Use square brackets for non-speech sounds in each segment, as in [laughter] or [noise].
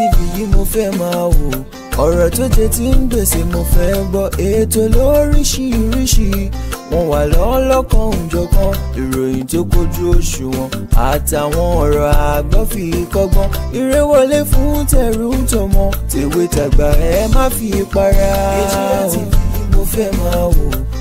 TV yìí mo fẹ́ máa wò ọ̀rọ̀ tó jẹ ti ń gbèsè mo fẹ́ gbọ́ ètò lóríṣiríṣi wọn wà lọ́lọ́kan òjọ̀kan ìròyìn tó kojú òṣùwọ̀n àtàwọn ọ̀rọ̀ àgbọ́ kọ́gbọ́n eré fún tẹ̀rù tọmọ tèwe tàgbà ẹ má fi para ètò TV yìí mo fẹ́ máa wò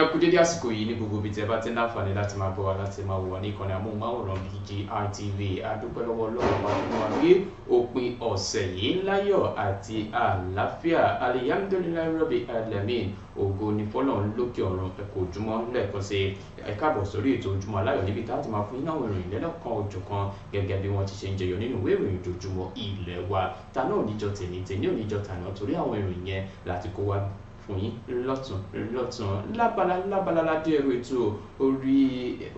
ẹ kú dédé àsìkò yìí ní gbogbo ibi tí ẹ bá ti ń láǹfààní láti máa bọ̀ wá láti máa wò wá ní ìkànnì amóhùnmáwòrán BGI TV adúpẹ́ lọ́wọ́ ọlọ́run wa fún wa pé òpin ọ̀sẹ̀ yìí láyọ̀ àti àlàáfíà aliyamudulilayi rọ́bì alamin ògo ni fọlọ́run lókè ọ̀run ẹ̀kọ́ ojúmọ́ lẹ́ẹ̀kan sí ẹ káàbọ̀ sórí ètò ojúmọ́ aláyọ̀ níbi tá a ti máa fún yín àwọn ìròyìn lẹ́lọ́kan òjọ̀kan gẹ́gẹ́ bí wọ́n ti ṣe ń jẹyọ nínú ìwé ìròyìn ojoojúmọ́ ilé wa ta náà níjọ tèmi tèmi ò níjọ tàná torí àwọn ìròyìn yẹn láti kó wa fún yín lọ́tún lọ́tún lábala lábala ládé ẹrù ètò orí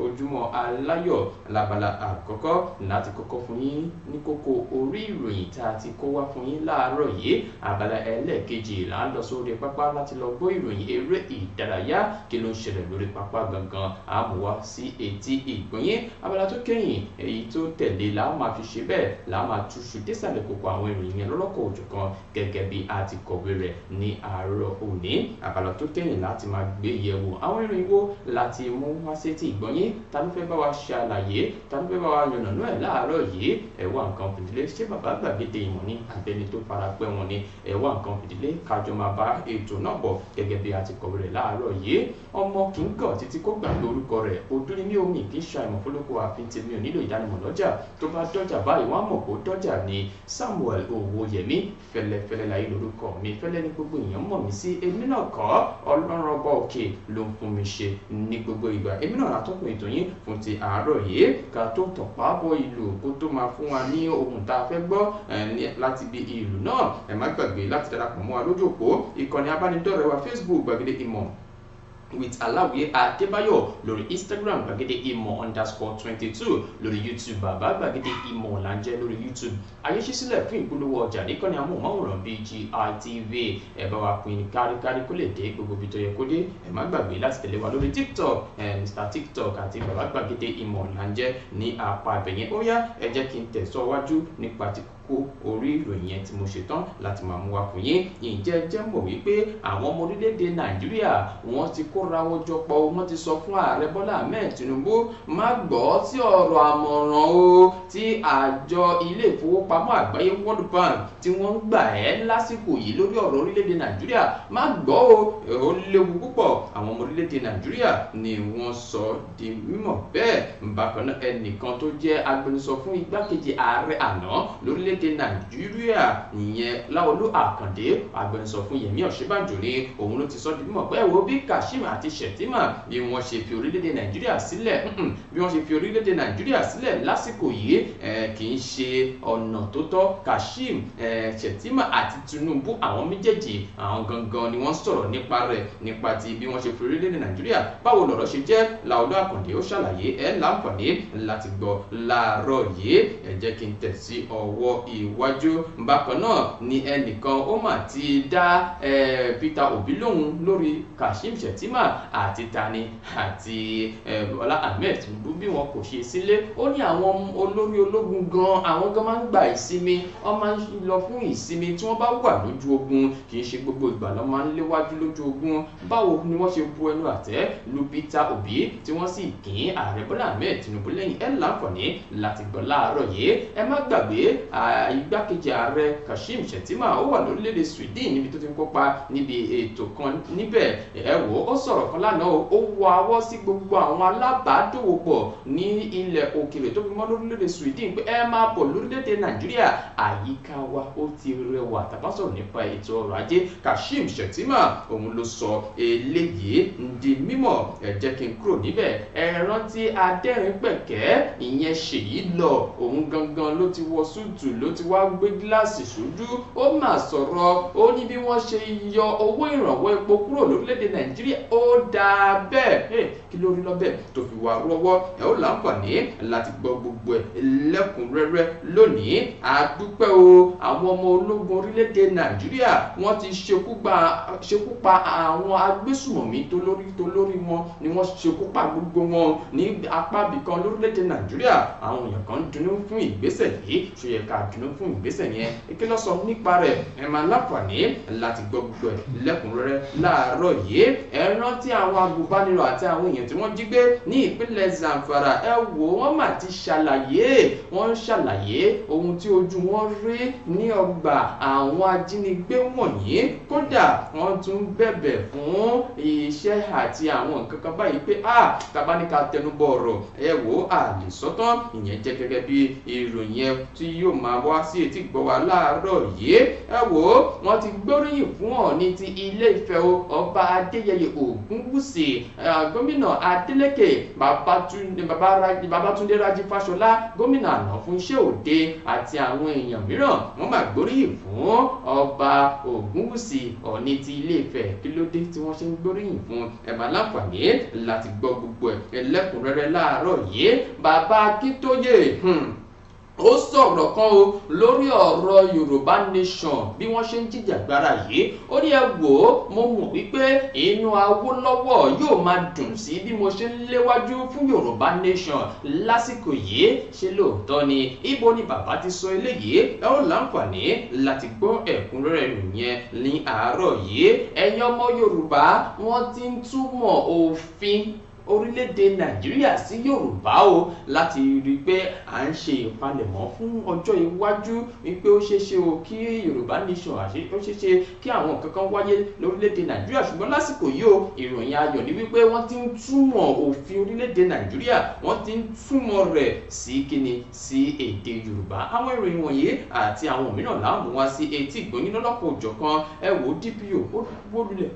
ojúmọ́ aláyọ̀ lábala àkọ́kọ́ láti kọ́kọ́ fún yín ní kókó orí ìròyìn tá a ti kó wá fún yín láàárọ̀ yìí abala ẹlẹ́ẹ̀kejì là ń lọ sórí pápá láti lọ gbọ́ ìròyìn eré ìdárayá kí ló ń ṣẹlẹ̀ lórí pápá gangan àmúwá sí etí ìgbóyin abala tó kẹ́yìn èyí tó tẹ̀lé là á máa fi ṣe bẹ́ẹ̀ là á máa túṣu désàlẹ̀ kókó àwọn ìròyìn lọ́lọ́kọ̀ òjọ̀kan a ti kọ̀wé rẹ̀ òní àkàlọ̀ tó kẹ́yìn láti máa gbé yẹ̀wò àwọn ìrìn wo láti mú wá sí ti ìgbọ̀nyín ta ló fẹ́ bá wa ṣàlàyé ta ló fẹ́ bá wa yànnàná ẹ̀ láàárọ̀ yìí ẹ̀wà nǹkan fìdílé ṣé bàbá gbàgede ìmọ̀ ni àbẹ́ni tó fara pẹ́ wọn ni ẹ̀wà nǹkan fìdílé kájọ máa bá ètò náà bọ̀ gẹ́gẹ́ bí a ti kọ̀wé rẹ̀ láàárọ̀ yìí ọmọ kì í gàn títí kó gbàgbé orúkọ rẹ̀ odúrí ní omi kì í ṣàìmọ̀ fólókó àfin tèmi ò nílò ìdánimọ̀ lọ́jà tó bá dọ́jà báyìí wọ́n á mọ̀ kó dọ́jà ni Samuel Owóyẹmí fẹ́lẹ́fẹ́lẹ́ láyé lórúkọ mi fẹ́lẹ́ ní gbogbo èèyàn mọ̀ mí sí èmi náà kọ́ ọlọ́run ọba òkè ló ń fún mi ṣe ní gbogbo ìgbà èmi náà látọ́kùn ètò yín fún ti àárọ̀ yìí ká tó tọ̀pá bọ ìlú kó tó máa fún wa ní ohun tá a fẹ́ gbọ́ láti bi ìlú náà ẹ má gbàgbé láti darapọ̀ mọ́ wa lójú òpó ìkànnì abánidọ́rẹ̀ẹ́ wa Facebook gbàgede ìmọ̀ with aláwìyé adébáyọ̀ lórí instagram gbàgede imo underscore twenty two lórí youtube bàbá gbàgede imo. ọ̀làǹjẹ́ lórí youtube ayéṣísílẹ̀ fún ìpolówó ọjà níkànnì amóhùnmáwòrán BGI TV ẹ bá wa pín káríkárí kó lè dé gbogbo ibi tó yẹ kó dé ẹ má gbàgbé láti tẹ̀lé wa lórí tiktok ẹ mr tiktok àti bàbá gbàgede imo. ọ̀làǹjẹ́ ní apá abẹ̀yẹn ó yá ẹ jẹ́ kí n tẹ̀síwájú nípa tiktok kú orí ìròyìn yẹn tí mo ṣe tán láti máa mú wa fún yín ǹjẹ́ jẹ́ mọ̀ wípé àwọn ọmọ orílẹ̀-èdè nàìjíríà wọ́n ti kóra wọn jọ pọ̀ wọ́n ti sọ fún ààrẹ bọ́lá ahmed tinubu má gbọ́ sí ọ̀rọ̀ àmọ̀ràn o tí àjọ ilé ìfowópamọ́ àgbáyé world bank tí wọ́n ń gbà ẹ́ lásìkò yìí lórí ọ̀rọ̀ orílẹ̀-èdè nàìjíríà má gbọ́ o ó léwu púpọ̀ àwọn ọmọ orílẹ̀-èdè nàìjíríà ni wọ́n sọ di mímọ̀ bẹ́ẹ̀ bákan náà ẹnìkan tó jẹ́ agbẹnusọ fún igbákejì ààrẹ àná lórílẹ̀ orílẹ̀-èdè nàìjíríà ìyẹn láolú àkàndé agbẹnusọ fún yẹmí ọ̀ṣínbàjò ni òun ló ti sọ di mímọ̀ pé wo bí kashim àti shettima bí wọ́n ṣe fi orílẹ̀-èdè nàìjíríà sílẹ̀ bí wọ́n ṣe fi orílẹ̀-èdè nàìjíríà sílẹ̀ lásìkò yìí kì í ṣe ọ̀nà tó tọ́ kashim shettima àti tinubu àwọn méjèèjì àwọn gangan ni wọ́n sọ̀rọ̀ nípa rẹ̀ nípa ti bí wọ́n ṣe fi orílẹ̀-èdè nàìjíríà báwo lọ̀rọ̀ ṣe jẹ́ láolú àkàndé ó ṣàlàyé ẹ̀ láǹfààní láti gbọ́ láàárọ̀ yìí ẹ jẹ́ kí n tẹ̀ sí ọwọ́ iwájú bákan náà ni ẹnìkan ó mà ti dá Peter Obi lóhùn lórí Kashim Shettima àti Tani àti Bọ́lá Ahmed Tinubu bí wọn kò ṣe sílé ó ní àwọn olórí ológun gan àwọn gan máa ń gba ìsinmi wọn máa ń lọ fún ìsinmi tí wọ́n bá wà lójú ogun kì í ṣe gbogbo ìgbà ló máa ń léwájú lójú ogun báwo ni wọ́n ṣe bu ẹnu àtẹ́ lu Peter Obi tí wọ́n sì kín ààrẹ Bọ́lá Ahmed Tinubu lẹ́yìn ẹ̀ láǹfààní láti gbọ́ láàárọ̀ yìí ẹ má gbàgbé igbákejì ààrẹ Kashim Shettima ó wà lórílẹ̀‐èdè Sweden níbi tó ti ń kópa níbi ètò kan níbẹ̀ ẹ wò ó sọ̀rọ̀ kan lánàá ó wọ awọ́ sí gbogbo àwọn alábàádòwòpọ̀ ní ilẹ̀ òkèèrè tó fi mọ́ lórílẹ̀‐èdè Sweden pé ẹ máa bọ̀ lórílẹ̀‐èdè Nàìjíríà àyíká wa ó ti rẹwà tàbá sọ̀rọ̀ nípa ètò ọrọ̀ ajé Kashim Shettima òun ló sọ eléyìí di mímọ̀ ẹ jẹ́ kí n kúrò níbẹ̀ ẹ rántí adẹ́rìn-pẹ̀kẹ́ ìyẹn ṣèyí lọ òun gangan ló ti wọ súùtù l ló ti wá gbé gíláàsì sójú ó mà sọ̀rọ̀ ó ní bí wọ́n ṣe yọ owó ìrànwọ́ epo kúrò lórílẹ̀‐èdè nàìjíríà ó dáa bẹ́ẹ̀ kí ló rí lọ́bẹ̀ tó fi wà rọ́wọ́ ẹ̀ ó láǹfààní láti gbọ́ gbogbo ẹ̀ lẹ́kùnrẹ́rẹ́ lónìí àdúpẹ́ o àwọn ọmọ ológun orílẹ̀‐èdè nàìjíríà wọ́n ti ṣekú pa àwọn agbésùmọ̀mí tolórí tolórí wọn ni wọ́n ṣekú pa gbogbo wọn ní apá ibìkan lórílẹ̀‐èdè nàìjíríà àwọn èèyàn kan dunnú fún ìgbésẹ̀ yìí ṣòyẹ̀ká d pàtàkì ló fún ìgbésẹ̀ yẹn ike lọ́sọ nípa rẹ̀ ẹ máa láǹfààní láti gbọ́ gbogbo ẹ̀ lẹ́kùnrẹ́rẹ́ láàárọ̀ yìí ẹ rántí àwọn agùnbánirọ̀ àti àwọn èèyàn tí wọ́n jí gbé ní ìpínlẹ̀ Zamfara ẹ wò wọ́n mà ti ṣàlàyé wọ́n ṣàlàyé ohun tí ojú wọn rí ní ọgbà àwọn ajínigbé wọ̀nyí kódà wọ́n tún bẹ̀bẹ̀ fún iṣẹ́ àti àwọn nǹkan kan báyìí pé a tabaníka tẹnubọ̀ ọ̀rọ̀ ẹ wò àlè sọ́tán ìyẹn jẹ́ gẹ́gẹ́ bí ìròyìn ẹ tí yóò máa wá sí etí gbọ́ wa láàárọ̀ yìí ẹ wò ó wọ́n ti gbóríyìn fún ọ̀ọ́ni ti ilé ìfẹ́ o ọba adéyẹyẹ ògúnwùsì gómìnà adélékè babátúndé rájí fáṣọlá gómìnà àná fún iṣẹ́ òde àti àwọn èèyàn mìíràn wọ́n máa gbóríyìn fún ọba ògúnwùsì ọ̀ọ́ni ti ilé ìfẹ́ kí ló dé tí wọ́n ṣe ń gbóríyìn fún ẹ máa láǹfààní láti gbọ́ gbogbo ẹ̀ ẹlẹ́kùnrẹ́rẹ́ láàárọ̀ yìí bàbá akíntóyè hmm ó sọ̀rọ̀ kan o lórí ọ̀rọ̀ yorùbá nation bí wọ́n ṣe ń jìjàgbara yìí ó ní ẹ wò ó mo mọ̀ wípé inú Awólọ́wọ̀ yóò máa dùn sí bí mo ṣe ń léwájú fún yorùbá nation lásìkò yìí ṣe lóòótọ́ ni ibo ni bàbá ti sọ eléyìí ẹ ó láǹfààní láti gbọ́ ẹ̀kúnrẹ́rẹ́ nìyẹn ní àárọ̀ yìí ẹ̀yin ọmọ yorùbá wọ́n ti ń túmọ̀ òfin orílẹ̀-èdè nàìjíríà sí yorùbá o láti rí i pé à ń ṣe ìpalẹ̀mọ́ fún ọjọ́ iwájú wípé ó ṣeé ṣe o kí yorùbá nation àṣẹ ó ṣeé ṣe kí àwọn nǹkan kan wáyé lórílẹ̀-èdè nàìjíríà ṣùgbọ́n lásìkò yìí o ìròyìn ayọ̀ ni wípé wọ́n ti ń túmọ̀ òfin orílẹ̀-èdè nàìjíríà wọ́n ti ń túmọ̀ rẹ̀ sí kíni sí èdè yorùbá àwọn ìròyìn wọ̀nyí àti àwọn mìíràn láàmú wá sí etí ìgbóyin lọ́lọ́pọ̀ òjọ̀kan ẹ wò dpo ó wólulẹ̀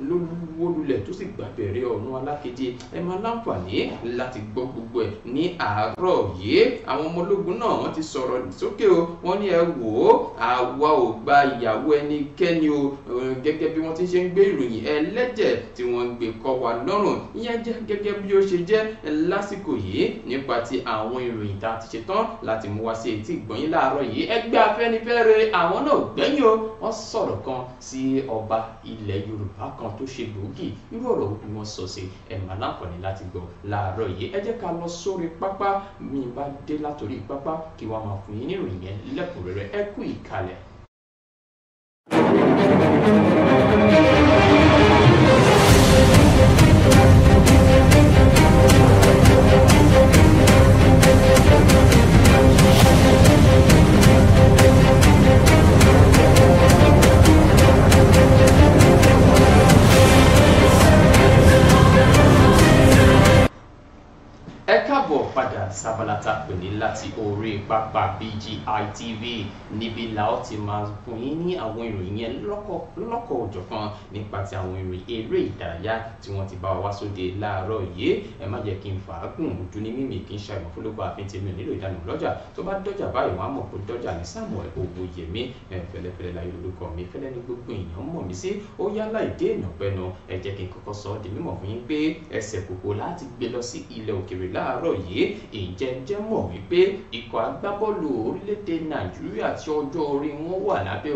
ló wó lulẹ̀ tó sì gbàbẹ̀rẹ̀ ọ̀run alákeje ẹ máa láǹfààní láti gbọ́ gbogbo ẹ̀ ní àárọ̀ yìí àwọn ọmọ ológun náà wọ́n ti sọ̀rọ̀ sókè o wọ́n ní ẹ wò ó àwa ò gba ìyàwó ẹnikẹ́ni o gẹ́gẹ́ bí wọ́n ti ṣe ń gbé ìròyìn ẹlẹ́jẹ̀ tí wọ́n ń gbé kọ́ wa lọ́rùn ìyẹn jẹ́ gẹ́gẹ́ bí ó ṣe jẹ́ lásìkò yìí nípa ti àwọn ìròyìn tá a ti ṣetán láti mú wá sí etí ìgbọ̀nyín láàárọ̀ yìí ẹgbẹ́ afẹ́nifẹ́re àwọn náà gbẹ́yìn o wọ́n sọ̀rọ̀ kan sí ọba ilẹ̀ Yorùbá kan kan tó ṣe gbòógì irú ọ̀rọ̀ wo ni wọ́n sọ sí ẹ̀ máa láǹfààní láti gbọ́ láàárọ̀ yìí ẹ jẹ́ ká lọ sórí pápá mi bá dé látòrí pápá kí wàá máa fún yín ní ìròyìn yẹn lẹ́kùnrẹ́rẹ́ ẹ kú ìkàlẹ̀. káàbọ̀ padà sábàlá tá a pè ní láti orí pápá BGI TV níbi la ó ti máa fún yín ní àwọn ìròyìn yẹn lọ́kọ̀ òjọ̀kan nípa ti àwọn ìròyìn eré ìdárayá tí wọ́n ti bá wa wá sóde láàárọ̀ yìí ẹ má jẹ́ kí n fà á gùn ojú ní mímì kí n ṣe àìmọ̀ fún lóko àfin tèmi ò nílò ìdánù lọ́jà tó bá dọ́jà báyìí wọ́n á mọ̀ pé dọ́jà ní Samuel Ogunyẹmí fẹlẹ́fẹlẹ́ láyé olùkọ́ mi fẹ́lẹ́ ní gbogbo èèyàn mọ̀ mí sí ó yálà ìdé ìnàpẹ́nu ẹ jẹ́ kí n kọ́kọ́ sọ ọ́ di mímọ̀ fún yín pé ẹsẹ̀ kòkó láti gbé lọ sí ilẹ̀ òkèèrè láàárọ̀ láàárọ̀ yìí ǹjẹ́ jẹ́ mọ̀ wípé ikọ̀ agbábọ́ọ̀lù orílẹ̀-èdè nàìjíríà tí ọjọ́ orí wọn wà lábẹ́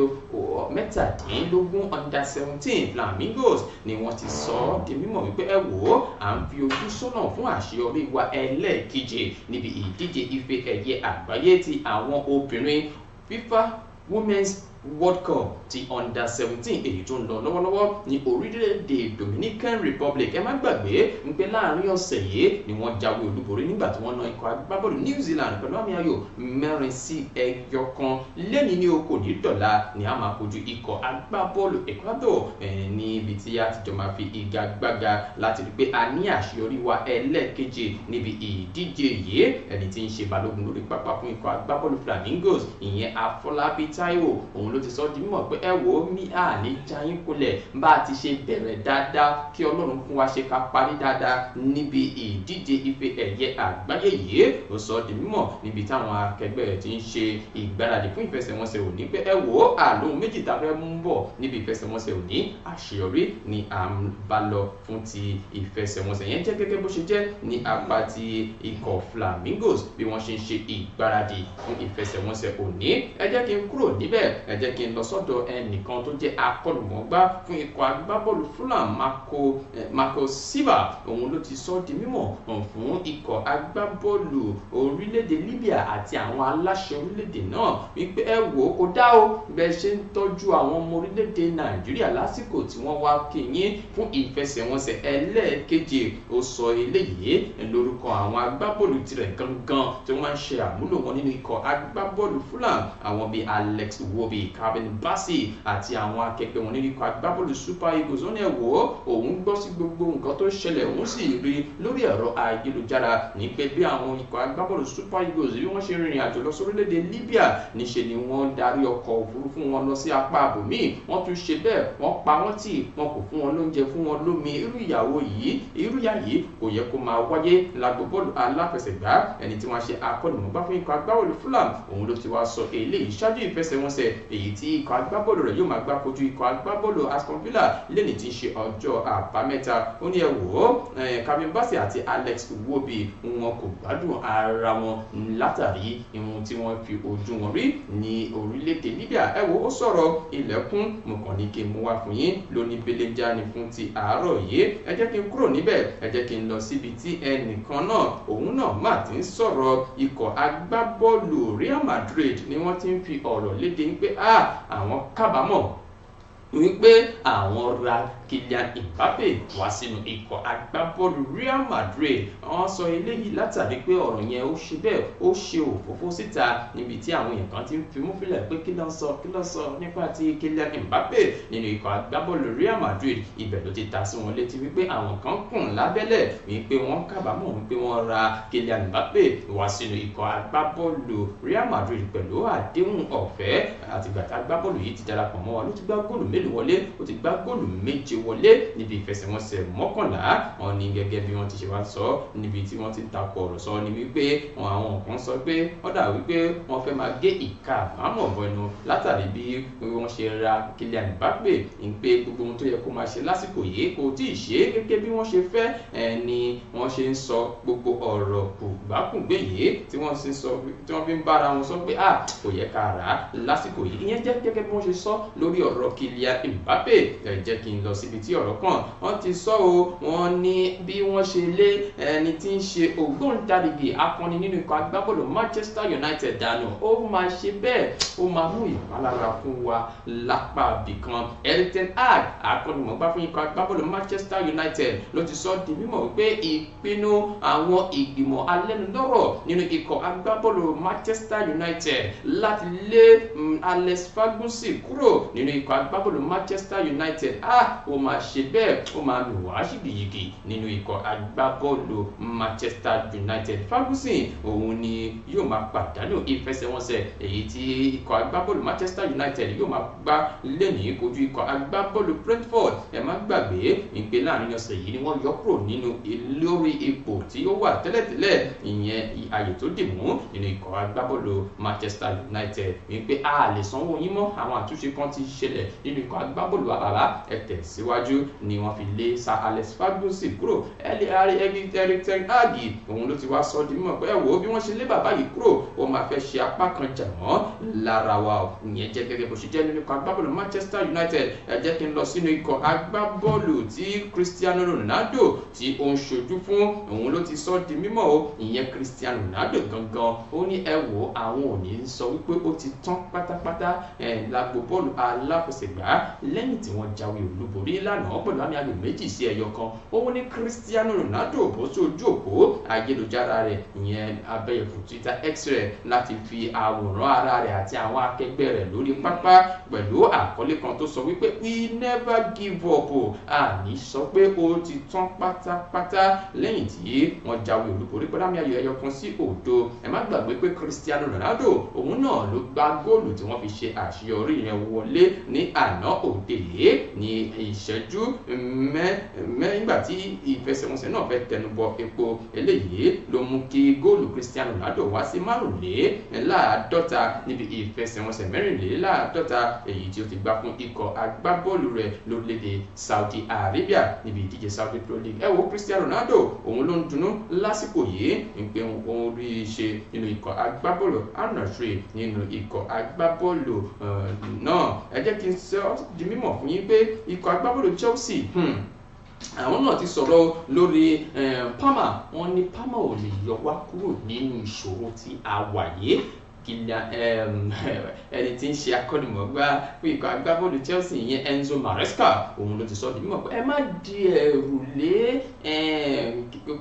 mẹ́tàdínlógún under seventeen flamingos ni wọ́n ti sọ ọ́ di mímọ̀ wípé ẹ wò ó à ń fi ojú sọ́nà fún àṣeyọrí wa ẹlẹ́ẹ̀keje níbi ìdíje ife ẹ̀yẹ àgbáyé ti àwọn obìnrin FIFA Women's world cup ti under seventeen èyí tó ń lọ lọ́wọ́lọ́wọ́ ní orílẹ̀-èdè dominican republic ẹ má gbàgbé pé láàrin ọ̀sẹ̀ yìí ni wọ́n jáwé olúborí nígbà tí wọ́n na ikọ̀ agbábọ́ọ̀lù new zealand pẹ̀lú àmì ayò mẹ́rin sí ẹyọ kan lẹ́ni ní o ní dọ̀la ni a máa kojú ikọ̀ agbábọ́ọ̀lù ecuador ní ibi tí a ti jọ máa fi igagbága láti rí pé a ní àṣeyọrí wa ẹlẹ́ẹ̀keje níbi ìdíje yìí ẹni tí ń ṣe balógun lórí pápá fún ikọ̀ agbábọ́ọ̀lù flamingos ìyẹn afọlábí táíwò ló ti sọ di mímọ̀ pé ẹ wò ó mí àní jayín kulẹ̀ bá a ti ṣe bẹ̀rẹ̀ dáadáa kí ọlọ́run fún wa ṣe ká parí dáadáa níbi ìdíje ife ẹ̀yẹ àgbáyé yìí ó sọ di mímọ̀ níbi táwọn akẹgbẹ́ rẹ̀ ti ń ṣe ìgbáradì fún ìfẹsẹ̀wọnsẹ̀ òní pé ẹ wò ó àlóhun méjì tá a fẹ́ mú bọ̀ níbi ìfẹsẹ̀wọnsẹ̀ òní àṣeyọrí ni à ń bá lọ fún ti ìfẹsẹ̀wọnsẹ̀ yẹn jẹ́ gẹ́gẹ́ Flamingos bí wọ́n ṣe ń ṣe ìgbáradì fún jẹ́ kí n lọ sọ́dọ̀ ẹnìkan tó jẹ́ akọ́lùmọ́gbá fún ikọ̀ agbábọ́ọ̀lù Fulham eh, Marco Silva òun ló ti sọ di mímọ̀ fún ikọ̀ agbábọ́ọ̀lù orílẹ̀-èdè Libya àti àwọn aláṣẹ orílẹ̀-èdè náà wípé ẹ wò ó kó dá o bẹ́ẹ̀ ṣe ń tọ́jú àwọn ọmọ orílẹ̀-èdè Nàìjíríà lásìkò tí wọ́n wá kí yín fún ìfẹsẹ̀wọnsẹ̀ ẹlẹ́ẹ̀keje ó sọ eléyìí lórúkọ àwọn agbábọ́ọ̀lù tirẹ̀ gangan tí wọ́n máa ń ṣe àmúlò wọn nínú ikọ̀ agbábọ́ọ̀lù Fulham àwọn bíi Alex Wobi Calvin Basi àti àwọn akẹgbẹ́ wọn nínú ikọ̀ agbábọ́ọ̀lù Super Eagles ó ní ẹ̀wọ́ òun gbọ́ sí gbogbo nǹkan tó ṣẹlẹ̀ òun sì rí lórí ẹ̀rọ ayélujára ní pé bí àwọn ikọ̀ agbábọ́ọ̀lù Super Eagles bí wọ́n ṣe rìnrìn àjò lọ sórílẹ̀ Libya níṣe ni wọ́n darí ọkọ̀ òfurufú wọn lọ sí apá àbòmí wọ́n tún ṣe bẹ́ẹ̀ wọ́n pa wọ́n tì wọn kò fún wọn lóúnjẹ fún wọn lómi irú ìyàwó yìí irú ìyá yìí kò yẹ kó máa wáyé lágbo bọ́ọ̀lù ẹni tí wọ́n ṣe akọ́nìmọ̀gbá fún ikọ̀ agbábọ́ọ̀lù Fulham òun ló ti wá sọ eléyìí ṣáájú ìfẹsẹ̀wọnsẹ̀ èyí tí ikọ̀ agbábọ́ọ̀lù rẹ̀ yóò máa gbá kojú ikọ̀ agbábọ́ọ̀lù Aston Villa lẹ́ni tí ń ṣe ọjọ́ àbámẹ́ta ó ní ẹ wò ó àti Alex Wobi wọn kò gbádùn ara wọn látàrí irun tí wọ́n fi ojú wọn rí ní orílẹ̀-èdè Libya ẹ wò ó sọ̀rọ̀ ilẹ̀kùn mo kàn ní kí n mú wá fún yín lóní belenja ni fún ti àárọ̀ yìí ẹ jẹ́ kí n kúrò níbẹ̀ ẹ jẹ́ kí n lọ síbi tí ẹnìkan náà òun náà má ti ń sọ̀rọ̀ ikọ̀ agbábọ́ọ̀lù Real Madrid ni wọ́n ti ń fi ọ̀rọ̀ léde pé a Ah, àwọn kábàámọ̀ wípé àwọn ra Kylian Mbappe wá sínú ikọ̀ agbábọ́ọ̀lù Real Madrid wọ́n sọ eléyìí látàrí pé ọ̀rọ̀ yẹn ó ṣe bẹ́ẹ̀ ó ṣe òfófó síta níbi tí àwọn èèyàn kan ti ń fimú fílẹ̀ pé kí ló ń sọ kí ló ń sọ nípa ti Kylian Mbappe nínú ikọ̀ agbábọ́ọ̀lù Real Madrid ibẹ̀ ló ti ta sí wọn létí wípé àwọn kan kùn lábẹ́lẹ̀ wípé wọ́n kábàámọ̀ wípé wọ́n ra Kylian Mbappe wá sínú ikọ̀ agbábọ́ọ̀lù Real Madrid pẹ̀lú àdéhùn ọ̀fẹ́ àtìgbà tí agbábọ́ọ̀lù yìí ti darapọ̀ mọ́ wa ló ti gbá góòlù mélòó wọlé ó ti gbá góòlù méje ṣe wọlé níbi ìfẹsẹ̀wọnsẹ̀ mọ́kànlá wọn ní gẹ́gẹ́ bí wọ́n ti ṣe wá sọ níbi tí wọ́n ti takò ọ̀rọ̀ sọ ni wípé àwọn kan sọ pé wọ́n dà wípé wọ́n fẹ́ máa gé ìka àbámọ̀ bọnu látàrí bí wọ́n ṣe ra Kylian Mbappe ń pé gbogbo ohun tó yẹ kó máa ṣe lásìkò yìí kò tí ì ṣe gẹ́gẹ́ bí wọ́n ṣe fẹ́ ni wọ́n ṣe ń sọ gbogbo ọ̀rọ̀ kùgbákùngbé yìí tí wọ́n fi ń bára wọn sọ pé à kò yẹ ká rà lásìkò yìí ìyẹn jẹ́ gẹ́gẹ́ bí wọ́n ṣe sọ lórí ọ̀rọ̀ Kylian Mbappe jẹ́ kí n lọ sí síbi tí ọ̀rọ̀ kàn wọ́n ti sọ o wọ́n ní bí wọ́n ṣe lé ẹni tí ń ṣe ògbóǹtarìgì akọni nínú ikọ̀ agbábọ́ọ̀lù Manchester United dànù ó máa ṣe bẹ́ẹ̀ ó máa mú ìpalára fún wa lápá bìkan Eric Hag akọ́nimọ̀gbá fún ikọ̀ agbábọ́ọ̀lù Manchester United ló ti sọ di mímọ̀ pé ìpinnu àwọn ìgbìmọ̀ alẹ́nulọ́rọ̀ nínú ikọ̀ agbábọ́ọ̀lù Manchester United láti lé mm, Alex Ferguson kúrò nínú ikọ̀ agbábọ́ọ̀lù Manchester United ah ó máa ṣe bẹ́ẹ̀ ó máa lù wá ṣìgìyìgì nínú ikọ̀ agbábọ́ọ̀lù Manchester United Ferguson òun ni yóò máa pàdánù ìfẹsẹ̀wọnsẹ̀ èyí tí ikọ̀ agbábọ́ọ̀lù Manchester United yóò máa gbá lẹ́nìí kojú ikọ̀ agbábọ́ọ̀lù Brentford ẹ̀ má gbàgbé ìgbé láàrin ọ̀sẹ̀ yìí ni wọ́n yọ kúrò nínú lórí ipò tí ó wà tẹ́lẹ̀tẹ́lẹ̀ ìyẹn ààyè tó dì mú nínú ikọ̀ agbábọ́ọ̀lù Manchester United wípé a lè sanwó yín mọ́ àwọn àtúnṣe kan ti ṣẹlẹ̀ nínú ikọ̀ agbábọ́ọ̀lù àbàbá ẹ̀ tẹ̀síw síwájú ni wọ́n fi lé Sir Alex Ferguson kúrò e Eric ten Hag òun ló ti wá sọ di mímọ̀ pé ẹ wò ó bí wọ́n ṣe lé bàbá yìí kúrò ó máa fẹ́ ṣe apá kan jà wọ́n lára wa ò ìyẹn jẹ́ gẹ́gẹ́ bó ṣe jẹ́ nínú ikọ̀ agbábọ́ọ̀lù Manchester United ẹ jẹ́ kí n lọ sínú ikọ̀ agbábọ́ọ̀lù tí Cristiano Ronaldo tí ó ń ṣojú fún òun ló ti sọ di mímọ̀ o ìyẹn Cristiano Ronaldo gangan ó ní ẹ wò ó àwọn ò ní sọ wípé ó ti tán pátápátá ẹ̀ lágbo bọ́ọ̀lù aláfẹsẹ̀gbá lẹ́yìn tí wọ́n jáwé olúborí ní lánàá pẹ̀lú àmì ayò méjì sí ẹyọ kan òun ní Cristiano Ronaldo bó sí ojú òpó ayélujára rẹ̀ ìyẹn abẹ́yẹ̀fù Twitter X rẹ̀ láti fi àwòrán ara rẹ̀ àti àwọn akẹgbẹ́ rẹ̀ lórí pápá pẹ̀lú àkọlé kan tó sọ wípé we never give up àní sọ pé ó ti tán pátápátá lẹ́yìn tí wọ́n jáwé olúborí pẹ̀lú àmì ayò ẹyọ kan sí òdo ẹ má gbàgbé pé Cristiano Ronaldo òun náà ló gbá góòlù tí wọ́n fi ṣe àṣeyọrí yẹn wọlé ní àná òde yìí ní iṣẹ́ ìṣẹ́jú mẹ́ mẹ́ nígbà tí ìfẹsẹ̀wọnsẹ̀ náà fẹ́ tẹnubọ epo eléyìí ló mú kí góòlù Cristiano Ronaldo wá sí márùnléláàádọ́ta níbi ìfẹsẹ̀wọnsẹ̀ mẹ́rìnléláàádọ́ta èyí tí ó ti gbá fún ikọ̀ agbábọ́ọ̀lù rẹ̀ lórílẹ̀‐èdè Saudi Arabia níbi ìdíje Saudi Pro League ẹ wo Cristiano Ronaldo òun ló ń dunnú lásìkò yìí ń pe òun rí i ṣe nínú ikọ̀ agbábọ́ọ̀lù anasri nínú ikọ̀ agbábọ́ọ̀lù náà ẹ jẹ́ kí n sọ di mímọ̀ fún yín pé ikọ̀ agbábọ́ọ̀lù Chelsea hmm, àwọn náà ti sọ̀rọ̀ lórí Palmer wọ́n ní Palmer ò lè yọ wá kúrò nínú ìṣòro tí a wà yìí kìnìà um, [laughs] ẹni tí ń ṣe akọ́nimọ̀gbá fún ikọ̀ agbábọ́ọ̀lù Chelsea ìyẹn Enzo Maresca òun ló ti sọ di mímọ̀ pé ẹ má di ẹrù lé um,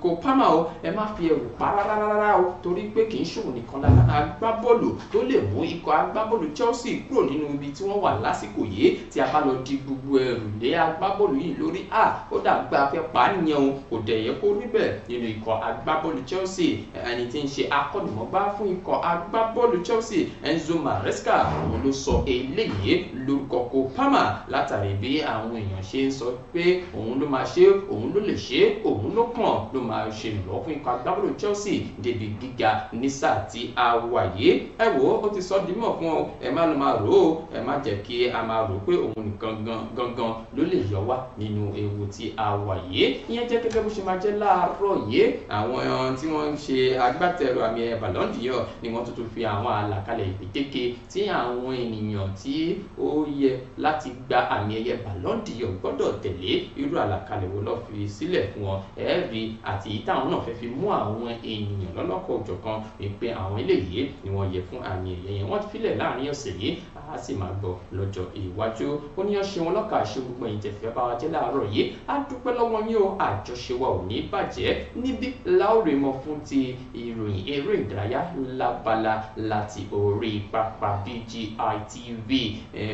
kò pámà o ẹ má fi ẹrù pa rárá o torí pé kì í ṣòwò nìkan lára agbábọ́ọ̀lù tó lè mú ikọ̀ agbábọ́ọ̀lù Chelsea kúrò nínú ibi tí wọ́n wà lásìkò yìí tí a bá lọ di gbogbo ẹrù lé agbábọ́ọ̀lù yìí lórí a ó dà gbà fẹ́ pa á nìyẹn o kò dẹ̀ yẹ kó rí bẹ́ẹ̀ nínú ikọ̀ agbábọ́ọ̀lù bọ́ọ̀lù Chelsea Enzo Maresca òun ló sọ eléyìí lórúkọ kó pama látàrí bí àwọn èèyàn ṣe ń sọ pé òun ló máa ṣe òun ló lè ṣe òun ló kàn ló máa ṣe lọ fún ikọ̀ agbábọ́ọ̀lù Chelsea débi gíga ní sáà tí a wà yìí ẹ wò ó ti sọ dímọ̀ fún ọ ẹ má lọ máa rò ó ẹ má jẹ́ kí a máa rò pé òun nìkan gangan ló lè yọ wá nínú ewu tí a wà yìí ìyẹn jẹ́ gẹ́gẹ́ bó ṣe máa jẹ́ láàárọ̀ yìí àwọn tí wọ́n ń ṣe agbátẹrù àmì ẹ̀bà lọ́ndìyàn ni wọ́n tuntun fi àwọn àwọn àlàkalẹ̀ ìpèdéke tí àwọn ènìyàn tí ó yẹ láti gba àmì ẹ̀yẹ Ballon d'Or gbọ́dọ̀ tẹ̀lé irú àlàkalẹ̀ wo lọ́ọ́ fi sílẹ̀ fún wọn ẹ̀ẹ́rì àti èyí táwọn náà fẹ́ fi mú àwọn ènìyàn lọ́lọ́kọ̀ òjọ̀kan wípé àwọn eléyìí ni wọ́n yẹ fún àmì ẹ̀yẹ yẹn wọ́n filẹ̀ láàrin ọ̀sẹ̀ yìí a sì máa gbọ́ lọ́jọ́ iwájú ó ní ọṣẹ wọn lọ́kà ṣe gbogbo ẹ̀yin tẹ̀fẹ́ bá wa jẹ́ láàárọ̀ yìí á dúpẹ́ lọ́wọ́ yín o àjọṣe wa ò ní bàjẹ́ níbí láòrè mọ́ fún ti ìròyìn eré ìdárayá lábala láti orí pápá BGI TV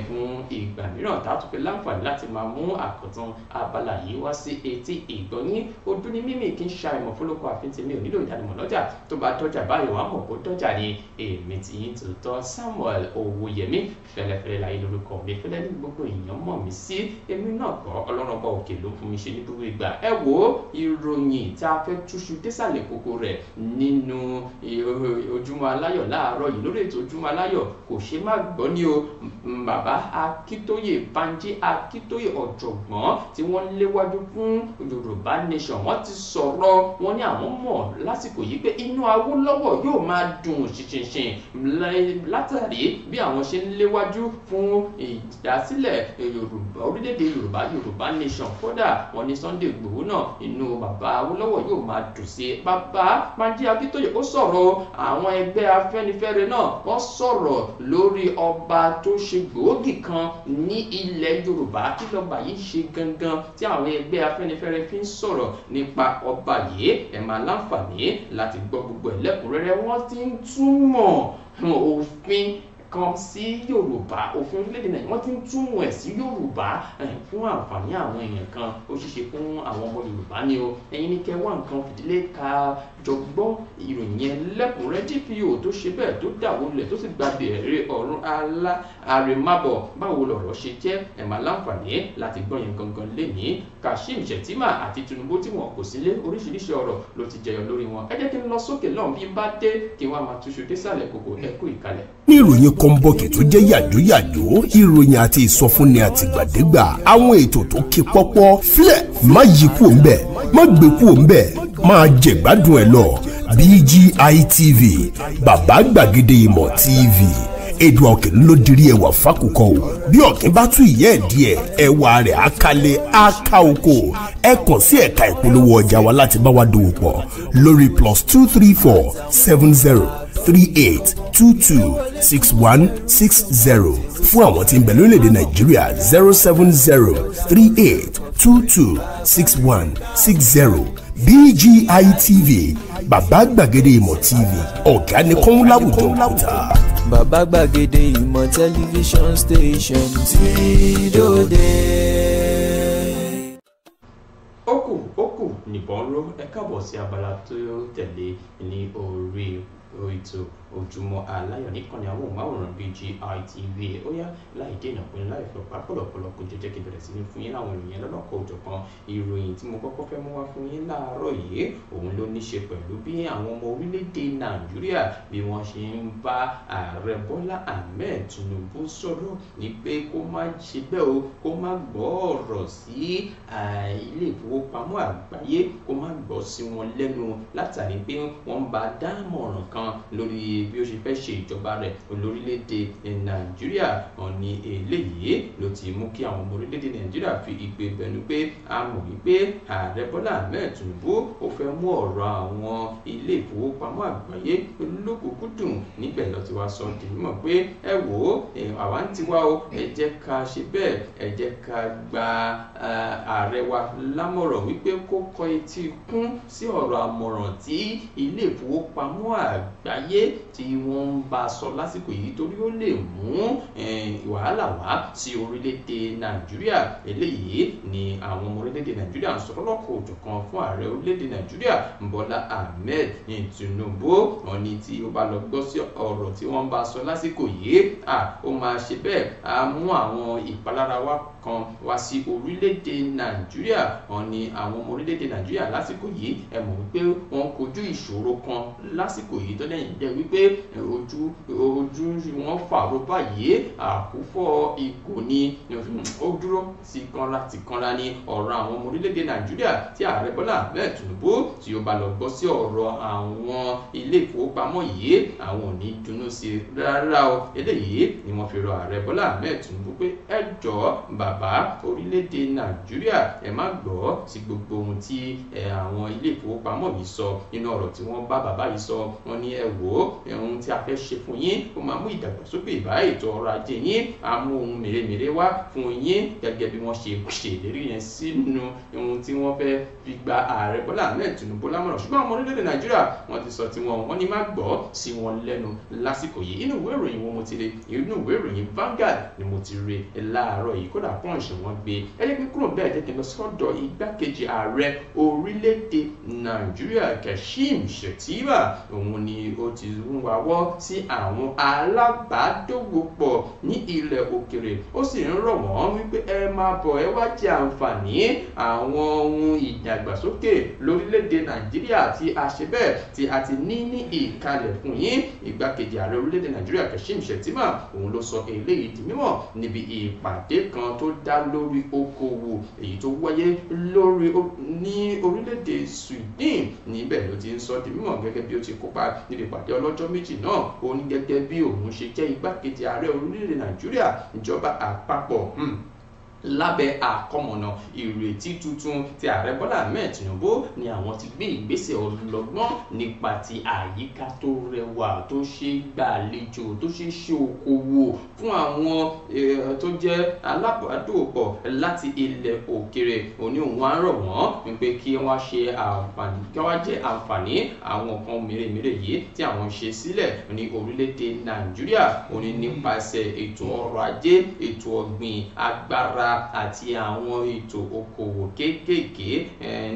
fún ìgbà mìíràn tààtùpẹ́ láǹfààní láti máa mú àkọ́tún abala yìí wá sí etí ìgbọ́nyín ojú ni mímì kí n ṣàìmọ̀ fólókọ àfin tèmi ò nílò ìdánimọ̀ lọ́jà tó bá dọ́jà báyìí wàá mọ̀ bó dọ́jà ni èmi ti yín tòótọ́ Samuel Owóyẹmí fẹlẹfẹlẹ láyé lórúkọ mi fẹlẹ ní gbogbo èèyàn mọ̀ mí sí èmi náà kọ́ ọlọ́run ọba òkè ló fún mi ṣe ní gbogbo ìgbà ẹ wo ìròyìn tá a fẹ́ túṣu désàlẹ̀ kókó rẹ̀ nínú ojúmọ́ aláyọ̀ láàárọ̀ àárọ̀ yìí lórí ètò ojúmọ́ aláyọ̀ kò ṣe má gbọ́ ní o bàbá akíntóyè banji akíntóyè ọ̀jọ̀gbọ́n tí wọ́n léwájú fún yorùbá nation wọ́n ti sọ̀rọ̀ wọn ní àwọn mọ̀ lásìkò yìí pé inú awólọ́wọ̀ yóò máa dùn ṣìnṣìnṣìn látàrí bí àwọn ṣe ń léwájú fún ìdásílẹ̀ yorùbá orílẹ̀-èdè yorùbá yorùbá nation kódà wọn ní sunday igbòho náà inú bàbá awólọ́wọ̀ yóò máa dùn sí bàbá banji akíntóyè ó sọ̀rọ̀ àwọn ẹgbẹ́ afẹ́nifẹ́ rẹ̀ náà wọ́n sọ̀rọ̀ lórí ọba tó ṣe gbòógì kan ní ilẹ̀ Yorùbá kí lọ́ba yìí ṣe gangan tí àwọn ẹgbẹ́ Afẹ́nifẹ́re fi ń sọ̀rọ̀ nípa ọba yìí ẹ̀ máa láǹfààní láti gbọ́ gbogbo ẹ̀lẹ́kùnrẹ́rẹ́ wọ́n ti ń túmọ̀ òfin kan sí yorùbá òfin orílẹ̀-èdè nàìjíríà wọ́n ti ń túmọ̀ ẹ̀ sí yorùbá eh, fún àǹfààní àwọn èèyàn kan ó ṣeé ṣe fún àwọn ọmọ yorùbá ni o ẹ̀yin ní kẹ́ wá nǹkan fìdílé ka jọ gbọ́ ìròyìn yẹn lẹ́kùnrẹ́rẹ́ DPO tó ṣe bẹ́ẹ̀ tó dàwó lẹ̀ tó sì gba bèrè ọ̀run alá àrèmábọ̀ báwo lọ̀rọ̀ ṣe jẹ́ ẹ láǹfààní láti gbọ́ yẹn gangan lẹ́ni Kashim Shettima àti Tinubu tí wọn kò sílé oríṣiríṣi ọ̀rọ̀ ló ti jẹyọ lórí wọn ẹ jẹ́ kí n lọ sókè lọ́hùn bí n bá dé kí wọ́n máa túṣu désàlẹ̀ kòkò ẹ kú ìkàlẹ̀. ní ìròyìn kọ́ńbọ̀kì tó jẹ́ yàjóyàjó ìròyìn àti ìsọfúnni àtìgbàdégbà àwọn ètò tó ké pọ́pọ́ flẹ̀ má yí kúò ń bẹ̀ má gbé kúò ń bẹ̀ máa jẹ̀gbádùn ẹ̀ lọ BGI TV bàbá gbàgede ìmọ̀ TV èdè ọ̀kìn ló dirí ẹwà fákòkò o bí ọ̀kìn bá tún ìyá ẹ̀ díẹ̀ ẹwà rẹ̀ akalẹ̀ aka oko ẹ kàn sí ẹ̀ka ìpolówó ọjà wa láti bá wa dòwò pọ̀ lórí plus two three four seven zero three eight two two six one six zero fún àwọn tí ń bẹ lórílẹ̀ nàìjíríà zero seven zero three eight two two six one six zero BGI TV bàbá gbàgede ìmọ̀ TV ọ̀gá ni kún láwùjọ kùtà. bàbá gbàgede ìmọ̀ tẹlifíṣọ̀n station ti dòde. ó kù ó kù nìbọn ró ẹ káàbọ̀ sí abala tó tẹ̀lé ní orí ètò ojúmọ́ aláyọ̀ níkànnì amóhùnmáwòrán BGI TV ó yá láì dènà pé láì fi ọ̀pá pọ̀lọ̀pọ̀lọ̀ kò jẹ́jẹ́ kí n bẹ̀rẹ̀ sí ní fún yín láwọn ìròyìn lọ́lọ́kọ̀ òjọ̀kan ìròyìn tí mo kọ́kọ́ fẹ́ mú wá fún yín láàárọ̀ yìí òun ló ní ṣe pẹ̀lú bí àwọn ọmọ orílẹ̀-èdè Nàìjíríà bí wọ́n ṣe ń bá ààrẹ Bọ́lá Ahmed Tinubu sọ̀rọ̀ ní pé kó má ṣe bẹ́ẹ̀ o kó má gbọ́ ọ̀rọ̀ sí bí ó ṣe fẹ́ ṣe ìjọba rẹ̀ olórílẹ̀‐èdè nàìjíríà hàn ní eléyìí ló ti mú kí àwọn ọmọ orílẹ̀‐èdè nàìjíríà fi ìpè bẹnu pé a mọ̀ wípé ààrẹ bọ́lá ahmed tinubu ó fẹ́ mú ọ̀rọ̀ àwọn ilé ìfowópamọ́ àgbáyé olókùnkúndùn níbẹ̀ ló ti wá sọ di mímọ̀ pé ẹ wò ó àwa ń tiwa o ẹ jẹ́ ká ṣe bẹ́ẹ̀ ẹ jẹ́ ká gba ààrẹ wa lámọ̀ràn wípé kó kọ etí kún sí ọ̀rọ̀ àmọ̀ràn tí ilé ìfowópamọ́ àgbáyé tí wọ́n ń bá a sọ lásìkò yìí torí ó lè mú wàhálà wá sí orílẹ̀-èdè nàìjíríà eléyìí ni àwọn ọmọ orílẹ̀-èdè nàìjíríà ń sọ lọ́lọ́kọ̀ òjọ̀kan fún ààrẹ orílẹ̀-èdè nàìjíríà bọ́lá ahmed tinubu wọn ni tí ó bá lọ gbọ́ sí ọ̀rọ̀ tí wọ́n ń bá a sọ lásìkò yìí ó máa ṣe bẹ́ẹ̀ á mú àwọn ìpalára wá kan wá sí orílẹ̀-èdè nàìjíríà wọn ni àwọn ọmọ orílẹ̀-èdè nàìjíríà lásìkò yìí ẹ mọ̀ wípé wọ́n kojú ìṣòro kan lásìkò yìí tó lẹ́yìn jẹ́ wípé pé ojú ojú wọn fàrọ báyìí àkúfọ̀ ìgò ni ó dúró ti kanra ti kanra ni ọ̀rọ̀ àwọn ọmọ orílẹ̀-èdè nàìjíríà tí ààrẹ bọ́lá ahmed tinubu tí ó bá lọ gbọ́ sí ọ̀rọ̀ àwọn ilé ìfowópamọ́ yìí àwọn ò ní dunnú sí rárá o eléyìí ni wọ́n fi rọ ààrẹ bọ́lá ahmed tinubu pé ẹ jọ bàbá orílẹ̀-èdè nàìjíríà ẹ má gbọ́ sí gbogbo ohun tí àwọn ilé ìfowópamọ́ yìí sọ nínú ọ̀rọ̀ tí wọ́n bá bàbá yìí sọ wọ́n ní ẹ wò ó ohun tí a fẹ́ ṣe fún yín ó máa mú ìdàgbàsókè ìbá ètò ọrọ̀ ajé yín á mú ohun mèremère wá fún yín gẹ́gẹ́ bí wọ́n ṣe ṣèlérí yẹn sínú ohun tí wọ́n fẹ́ fi gba ààrẹ bọ́lá ahmed tinubu lámọ̀ràn ṣùgbọ́n ọmọ orílẹ̀-èdè nàìjíríà wọ́n ti sọ tiwọn wọ́n ní má gbọ́ sí wọn lẹ́nu lásìkò yìí inú ìwé ìròyìn wọn mo ti rí inú ìwé ìròyìn Vanguard ni mo ti rí láàárọ̀ yìí kódà punch wọn gbé ẹni kúrò bẹ́ẹ̀ jẹ́ lọ sọ́dọ̀ igbákejì ààrẹ orílẹ̀-èdè nàìjíríà Kashim Shettima òun ni ó ti wú wáwọ́ sí àwọn alábàádọ́wòpọ̀ ní ilẹ̀ òkèrè ó sì ń rọ̀ wọ́n wípé ẹ máa bọ̀ ẹ wá jẹ àǹfààní àwọn ohun ìdàgbàsókè lórílẹ̀‐èdè nàìjíríà tí a ṣe bẹ́ẹ̀ tí a ti ní ní ìkalẹ̀ fún yín ìgbákejì ààrẹ orílẹ̀‐èdè nàìjíríà kashim shettima òun ló sọ eléyìí di mímọ̀ níbi ìpàdé kan tó dá lórí okòwò èyí tó wáyé lórí ní orílẹ̀‐èdè sweden níbẹ̀ ló ti ń sọ di mímọ̀ gẹ́gẹ́ bí ó ti kópa níbi ìpàdé ọlọ́jọ́ méjì náà òun gẹ́gẹ́ bí òun ṣe jẹ́ igbákejì ààrẹ orílẹ̀-èdè nàìjíríà ìjọba àpapọ̀ hmm lábẹ́ àkọmọ̀nà ìrètí tuntun tí ààrẹ bọ́lá ahmed tinubu ni àwọn ti gbé ìgbésẹ̀ ọlọ́gbọ́n nípa ti àyíká tó rẹwà tó ṣe é gbàlejò tó ṣe é ṣe okòwò fún àwọn tó jẹ́ alábàádòpọ̀ láti ilẹ̀ òkèrè òní òun á rọ̀ wọ́n wípé kí wọ́n ṣe àǹfààní kí wọ́n jẹ́ àǹfààní àwọn kan mèremère yìí tí àwọn ṣe sílẹ̀ ní orílẹ̀-èdè nàìjíríà òní nípasẹ̀ ètò ọrọ̀ ajé ètò ọ̀gbìn agbára alágbára àti àwọn ètò okòwò kéékèèké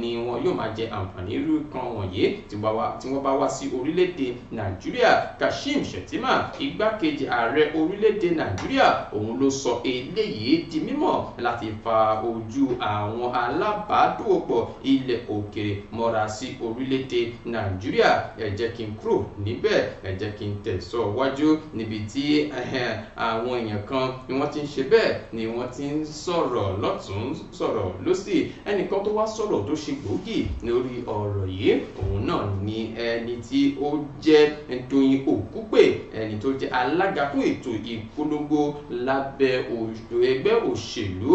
ni wọn yóò máa jẹ àǹfààní irú kan wọ̀nyí tí wọ́n bá wá sí orílẹ̀-èdè nàìjíríà kashim shettima igbákejì ààrẹ orílẹ̀-èdè nàìjíríà òun ló sọ eléyìí di mímọ̀ láti fa ojú àwọn alábàádòwòpọ̀ ilẹ̀ òkèrè mọ́ra sí orílẹ̀-èdè nàìjíríà ẹ jẹ́ kí n kúrò níbẹ̀ ẹ kí n tẹ̀síwájú níbi tí àwọn èèyàn kan ni wọ́n ti ń ṣe bẹ́ẹ̀ ni wọ́n ti ń sọ̀rọ̀ lọ́tún sọ̀rọ̀ lọ́sì ẹnìkan tó wá sọ̀rọ̀ tó ṣe gbòógì lórí ọ̀rọ̀ yìí òun náà ni ẹni tí ó jẹ́ Tóyìn Òkúpè ẹni tó jẹ́ alága fún ètò ìpolongo lábẹ́ ẹgbẹ́ òṣèlú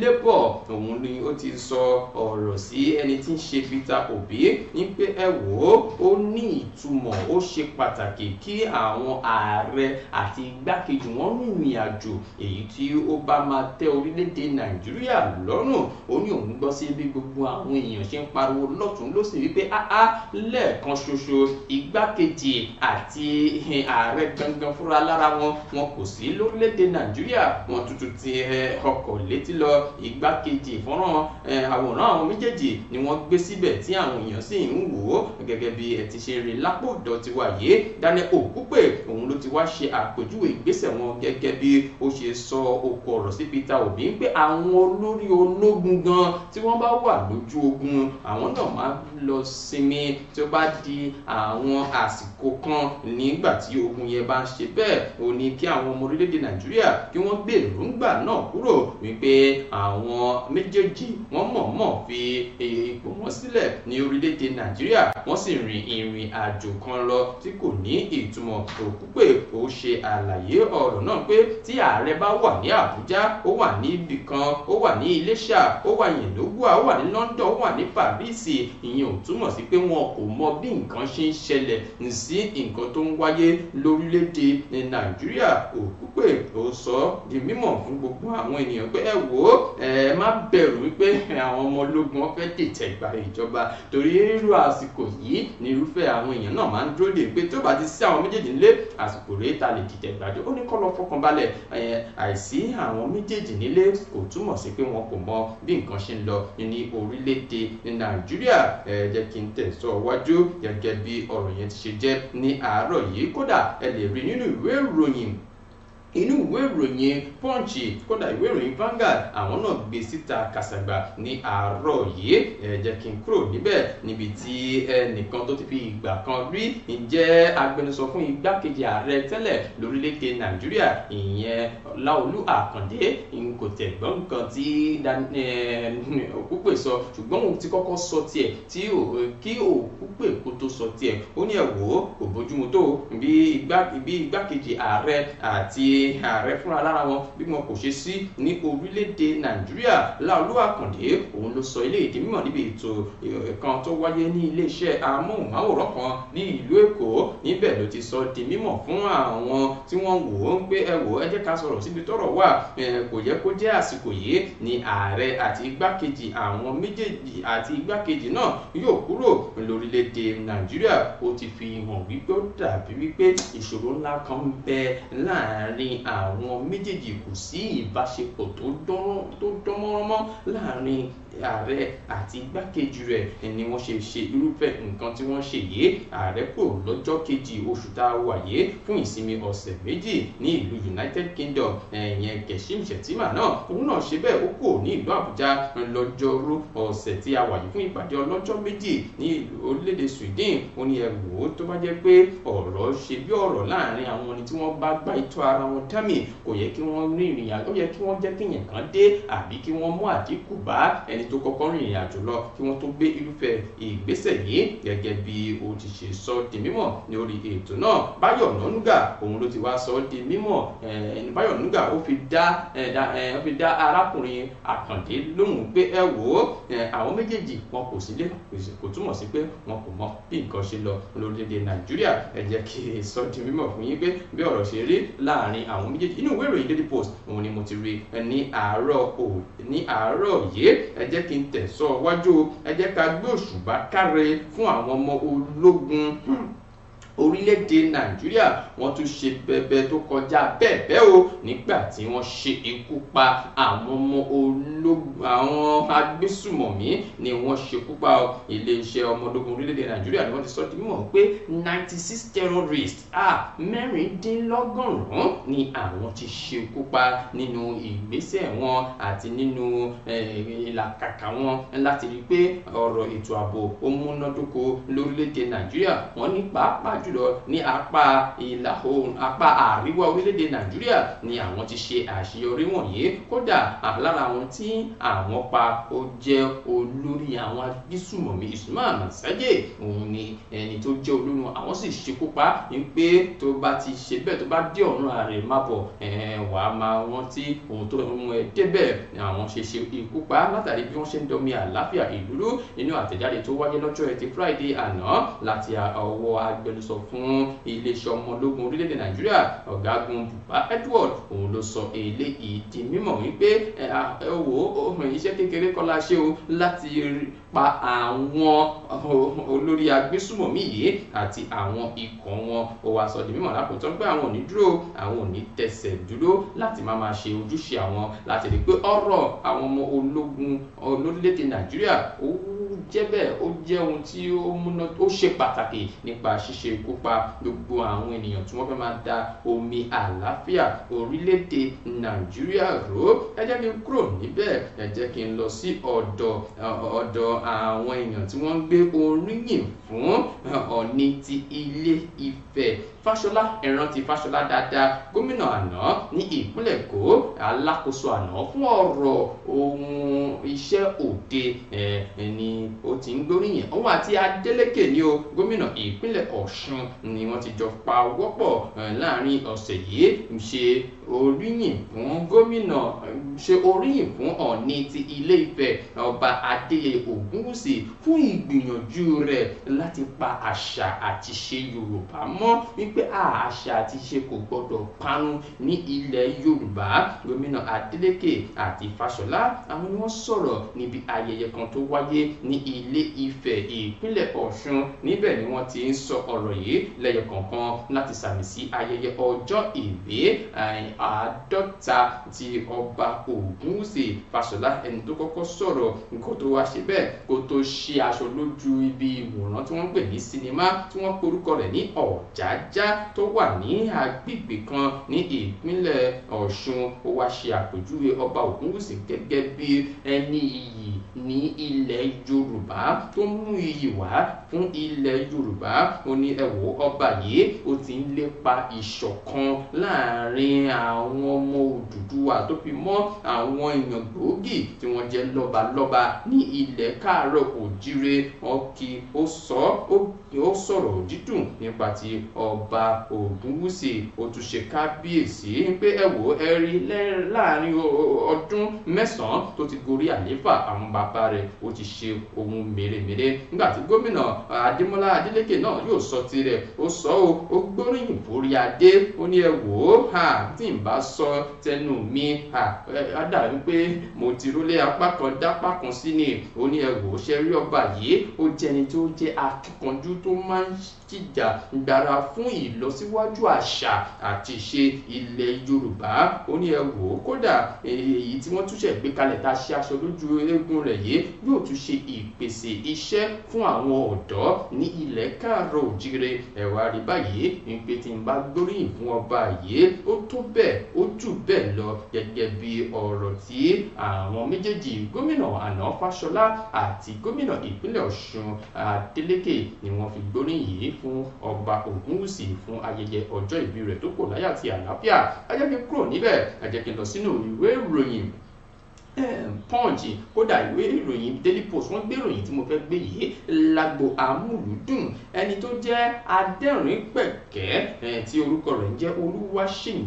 Labour òun ni ó ti sọ ọ̀rọ̀ sí ẹni tí ń ṣe Peter Obi ní pé ẹ wò ó ó ní ìtumọ̀ ó ṣe pàtàkì kí àwọn ààrẹ àti igbákejì wọn rìnrìn àjò èyí tí ó bá máa tẹ́ orílẹ̀ orílẹ̀-èdè nàìjíríà lọ́rùn ó ní òun gbọ́ sí bí gbogbo àwọn èèyàn ṣe ń pariwo lọ́tún lọ́sìn wípé áá lẹ́ẹ̀kan ṣoṣo igbákejì àti ààrẹ gangan fúnra lára wọn wọn kò sí lórílẹ̀-èdè nàìjíríà wọn tuntun ti ọkọ̀ létí lọ igbákejì fọ́nrán àwòrán àwọn méjèèjì ni wọ́n gbé síbẹ̀ tí àwọn èèyàn sì ń wò ó gẹ́gẹ́ bí ẹ ti ṣe rí lápò ọ̀dọ̀ tiwa yìí Daniel Okupe òun ló ti wá ṣe àpèjúwe ìgbésẹ̀ wọn gẹ́gẹ́ bí ó ṣe sọ okò sí Peter Obi wípé àwọn olórí ológun gan tí wọ́n bá wà lójú ogun àwọn náà máa lọ sinmi tí ó bá di àwọn àsìkò kan nígbà tí ogun yẹn bá ń ṣe bẹ́ẹ̀ ò ní kí àwọn ọmọ orílẹ̀-èdè nàìjíríà kí wọ́n gbé èròǹgbà náà kúrò wípé àwọn méjèèjì wọ́n mọ̀ọ́mọ̀ fi ipò wọn sílẹ̀ ní orílẹ̀-èdè nàìjíríà wọ́n sì rin ìrìn àjò kan lọ tí kò ní ìtumọ̀ òkú pé ó ṣe àlàyé ọ̀rọ̀ náà pé tí ààrẹ bá wà ní àbújá ó wà ní ibì kan ó wà ní Iléṣà ó wà Yendogwa ó wà ní London ó wà ní Paris ìyẹn ò túmọ̀ sí pé wọn kò mọ bí nǹkan ṣe ń ṣẹlẹ̀ sí nǹkan tó ń wáyé lórílẹ̀‐èdè Nàìjíríà Ògúnpè ó sọ di mímọ̀ fún gbogbo àwọn ènìyàn pé ẹ wò ó ẹ má bẹ̀rù wípé àwọn ọmọ ológun wọn fẹ́ dìtẹ̀ gba ìjọba torí irú àsìkò yìí ni irúfẹ́ àwọn èèyàn náà máa ń dúró dè pé tó bá ti sí àwọn méjèèjì nílé àsìkò rèé ta lè dìtẹ̀ gbàjọ ó ní kọ́ lọ fọkànbalẹ̀ àìsí àwọn méjèèjì nílé dé ò túmọ̀ sí pé wọn kò mọ bí nǹkan ṣe ń lọ ní orílẹ̀-èdè ní nàìjíríà ẹ jẹ́ kí n tẹ̀sọ́ wájú gẹ́gẹ́ bí ọ̀rọ̀ yẹn ti ṣe jẹ́ ní àárọ̀ yìí kódà ẹ lè rí nínú ìwé ìròyìn inú ìwé ìròyìn punch kódà ìwé ìròyìn Vanguard àwọn náà gbé síta kàṣàgbà ní àárọ̀ yìí ẹ jẹ́ kí n kúrò níbẹ̀ níbi tí ẹnìkan tó ti fi ìgbà kan rí ǹjẹ́ agbẹnusọ fún igbákejì ààrẹ tẹ́lẹ̀ lórílẹ̀‐èdè Nàìjíríà ìyẹn Láolú Àkàndé n kò tẹ̀ gbọ́ nǹkan tí Òkúpè sọ ṣùgbọ́n òun ti kọ́kọ́ sọ tiẹ̀ kí Òkúpè kó tó sọ tiẹ̀ ó ní ẹ wò ó kò bójúmu tó bí igbákejì ààrẹ àti ààrẹ fúnra lára wọn bí wọn kò ṣe sí ní orílẹ̀-èdè nàìjíríà láolúwa kàndé òun ló sọ ilé ìdí mímọ̀ níbi ètò kan tó wáyé ní iléeṣẹ́ amóhùnmáwòrán kan ní ìlú èkó níbẹ̀ ló ti sọ di mímọ̀ fún àwọn tí wọ́n wò ó ń pé ẹ wò ẹ jẹ́ ká sọ̀rọ̀ síbi tọ́rọ̀ wà kò yẹ kó jẹ́ àsìkò yìí ni ààrẹ àti igbákejì àwọn méjèèjì àti igbákejì náà yóò kúrò lórílẹ̀‐èdè nàìjíríà ó ti fi hàn wípé ó dàbí wípé ìṣòro ńlá kan ń bẹ láàrin àwọn méjèèjì kò sí ìbáṣepọ̀ tó dánmọ́rán mọ́ láàrin ààrẹ àti igbákejì rẹ̀ ni wọ́n ṣe ṣe irúfẹ́ nǹkan tí wọ́n ṣe yìí ààrẹ kò lọ́jọ́ kejì oṣù tá a wà yìí fún ìsinmi ọ̀sẹ̀ méjì ní ìlú United Kingdom ẹ̀yẹn Kashim Shettima náà òun náà ṣe bẹ́ẹ̀ ó kò ní ìlú Àbújá lọ́jọ́rú ọ̀sẹ̀ tí a wà yìí fún ìpàdé ọlọ́jọ́ méjì ní orílẹ̀ Sweden ó ní ẹ̀wò tó bá jẹ́ pé ọ̀rọ̀ ṣe bí ọ̀rọ̀ láàrin àwọn ẹni tí wọ́n bá gbá itọ́ ara wọn dámì kò yẹ kí wọ́n rìnrìn ẹni tó kọ́kọ́ rìn ìrìn àjò lọ kí wọ́n tó gbé irúfẹ́ ìgbésẹ̀ yìí gẹ́gẹ́ bí ó ti ṣe sọ di mímọ̀ lórí ètò náà Báyọ̀ Ọ̀nànúgà òun ló ti wá sọ di mímọ̀ ẹni Báyọ̀ Ọ̀nànúgà ó fi dá arákùnrin Àkàndé lóhùn pé ẹ wò ó àwọn méjèèjì wọn kò sílé kò túmọ̀ sí pé wọn kò mọ bí nǹkan ṣe lọ lórílẹ̀‐èdè Nàìjíríà ẹ jẹ́ kí n sọ di mímọ̀ fún yín pé bí ọ̀rọ̀ ṣe rí láàrin àwọn méjèèjì inú ìwé ìròyìn Daily Post òun ni mo ti rí ní àárọ̀ yìí ẹ jẹ́ kí n tẹ̀sọ́ wájú ẹ jẹ́ ká gbé òṣùbà káre fún àwọn ọmọ ológun orílẹ̀-èdè nàìjíríà wọ́n tún ṣe bẹbẹ tó kọjá bẹ́ẹ̀bẹ́ o nígbà tí wọ́n ṣe ikú pa àwọn ọmọ ológun àwọn agbésùmọ̀mí ni wọ́n ṣekú pa iléeṣẹ́ ọmọ ológun orílẹ̀-èdè nàìjíríà ni wọ́n ti sọ di mímọ̀ pé ninety six terrorists ah mẹ́rìndínlọ́gọ́rùn-ún ni àwọn ti ṣekú pa nínú ìgbésẹ̀ wọn àti nínú ìlàkàkà wọn láti rí i pé ọ̀rọ̀ ètò ààbò ó múnádóko lórílẹ̀-èdè nàìjíríà wọ́n ní pàápàá jùlọ ní apá ìlà oòrùn apá àríwá orílẹ̀-èdè nàìjíríà ni àwọn ti ṣe àṣeyọrí wọ̀nyí kódà lára àwọn tí àwọn pa ó jẹ́ olórí àwọn agbésùmọ̀mí Usman Masaje òun ni ẹni tó jẹ́ olórí wọn àwọn sì ṣekú pa ní pé tó bá ti ṣe bẹ́ẹ̀ tó bá dé ọ̀run ààrẹ má bọ̀ wàá máa rántí ohun tó mú ẹ débẹ̀ àwọn ṣe ṣe ikú pa látàrí bí wọ́n ṣe ń dọmi àlàáfíà ìlú nínú àtẹ̀jáde tó wáyé lọ́jọ́ ẹtì Friday àná láti ọwọ́ agbẹnusọ sọ fún iléeṣẹ́ ọmọ ológun orílẹ̀-èdè nàìjíríà ọ̀gágun Buba Edward òun ló sọ eléyìí di mímọ̀ wípé owó iṣẹ́ kékeré kọ́ la ṣe o láti pa àwọn olórí agbésùmọ̀mí yìí àti àwọn ikọ̀ wọn ó wá sọ di mímọ̀ lápòtọ́ pé àwọn ò ní dúró àwọn ò ní tẹsẹ̀ dúró láti má máa ṣe ojúṣe àwọn láti rí pé ọ̀rọ̀ àwọn ọmọ ológun orílẹ̀-èdè nàìjíríà ó w jẹ́ bẹ́ẹ̀ ó jẹ́ ohun tí ó múná ó ṣe pàtàkì nípa ṣíṣe kópa gbogbo àwọn ènìyàn tí wọ́n fẹ́ máa da omi àlàáfíà orílẹ̀-èdè nàìjíríà ró ẹ jẹ́ kí n kúrò níbẹ̀ ẹ jẹ́ kí n lọ sí ọ̀dọ̀ ọ̀dọ̀ àwọn èèyàn tí wọ́n ń gbé oríyìn fún ọ̀ní ti ilé Ifẹ̀ fáṣọlá ẹ̀rántí fáṣọlá dáadáa gómìnà àná ní ìpínlẹ̀ èkó alákòóso àná fún ọ̀rọ̀ ohun iṣẹ́ òde ẹni ó ti ń gbóríyìn òun àti adélèké ni o gómìnà ìpínlẹ̀ ọ̀ṣun ni wọ́n ti jọ pa wọ́pọ̀ láàrin ọ̀sẹ̀ yìí ṣe oríyìn fún gómìnà ṣe oríyìn fún ọ̀ọ́ni ti ilé ifẹ̀ ọba adéyẹ ògúnwùsì fún ìgbìyànjú rẹ̀ láti pa àṣà àti ṣe yorùbá mọ́ wípé àṣà àti ṣe kò gbọdọ̀ parun ní ilẹ̀ yorùbá gómìnà adeleke àti fáṣọlá àwọn ni wọ́n sọ̀rọ̀ níbi ayẹyẹ kan tó wáyé ní ilé ifẹ̀ ìpínlẹ̀ ọ̀ṣun níbẹ̀ ni wọ́n ti ń sọ ọ̀rọ̀ yìí lẹ́yọ kọ̀ọ̀kan láti sàmì sí ayẹyẹ ọjọ́ ìbí àádọ́ta ti ọba Ògúnwùsì Fáṣọlá ẹni tó kọ́kọ́ sọ̀rọ̀ kó tó wá ṣe bẹ́ẹ̀ kó tó ṣe aṣọ lójú ibi ìwòran tí wọ́n ń pè ní sinimá tí wọ́n porúkọ rẹ̀ ní Ọ̀jájá tó wà ní agbègbè kan ní ìpínlẹ̀ Ọ̀ṣun ó wá ṣe àpèjúwe ọba Ògúnwùsì gẹ́gẹ́ bí ẹni iyì ní ilẹ̀ Yorùbá tó mú iyì wá fún ilẹ̀ Yorùbá ó ní ẹ ọba yìí ó ti ń lépa ìṣọ̀kan láàrin àwọn ọmọ Odùduwà tó fi mọ́ àwọn èèyàn gbòógì tí wọ́n jẹ́ lọ́balọ́ba ní ilẹ̀ káàárọ̀ òjíire ọkì ó sọ ó ó sọ̀rọ̀ dídùn nípa ti ọba Ògúnwùsì ó tún ṣe kábíyèsí pé ẹ wò ẹ rí láàrin ọdún mẹ́sàn-án tó ti gorí àlééfà àwọn bàbá rẹ̀ ó ti ṣe ohun mèremère nígbà tí gómìnà Adémọ́lá Adélékè náà yóò sọ tirẹ̀ ó sọ ó ó gbóríyìn forí adé ó ní ẹ wò ó tí n bá sọ tẹnu mi á dà wípé mo ti rólé apá kan dápá kan sí ni ó ní ẹ wò ó ṣe rí ọba yìí ó jẹni tó jẹ akíkanjú two months jíjà gbára fún ìlọsíwájú àṣà àti ìṣe ilẹ̀ Yorùbá ó ní ẹ wò ó kódà èyí tí wọ́n túnṣe gbé kalẹ̀ tá a ṣe aṣọ lójú eégún rẹ̀ yìí yóò tún ṣe ìpèsè iṣẹ́ fún àwọn ọ̀dọ́ ní ilẹ̀ káàárọ̀ òjíire ẹ̀wà rí báyìí ìpè tí ń bá gbóríyìn fún ọba yìí ó tó bẹ́ẹ̀ ó jù bẹ́ẹ̀ lọ gẹ́gẹ́ bí ọ̀rọ̀ tí àwọn méjèèjì gómìnà àná Fáṣọlá àti gómìnà ìpínlẹ̀ Ọ̀ṣun Adeleke ni wọ́n fi gbóríyìn fún ọba Ògúnwùsì fún ayẹyẹ ọjọ́ ìbí rẹ̀ tó kò láyà àti àlàáfíà ẹ jẹ́ kí n kúrò níbẹ̀ ẹ jẹ́ kí n lọ sínú ìwé ìròyìn ehm, pọ́ǹchì kódà ìwé ìròyìn daily post wọ́n gbé ìròyìn tí mo fẹ́ gbé yìí lágbo amúlùdùn ẹni tó jẹ́ adẹ́rìn-ín pẹ̀kẹ́ eh, tí orúkọ rẹ̀ ń jẹ́ olúwaṣèyìn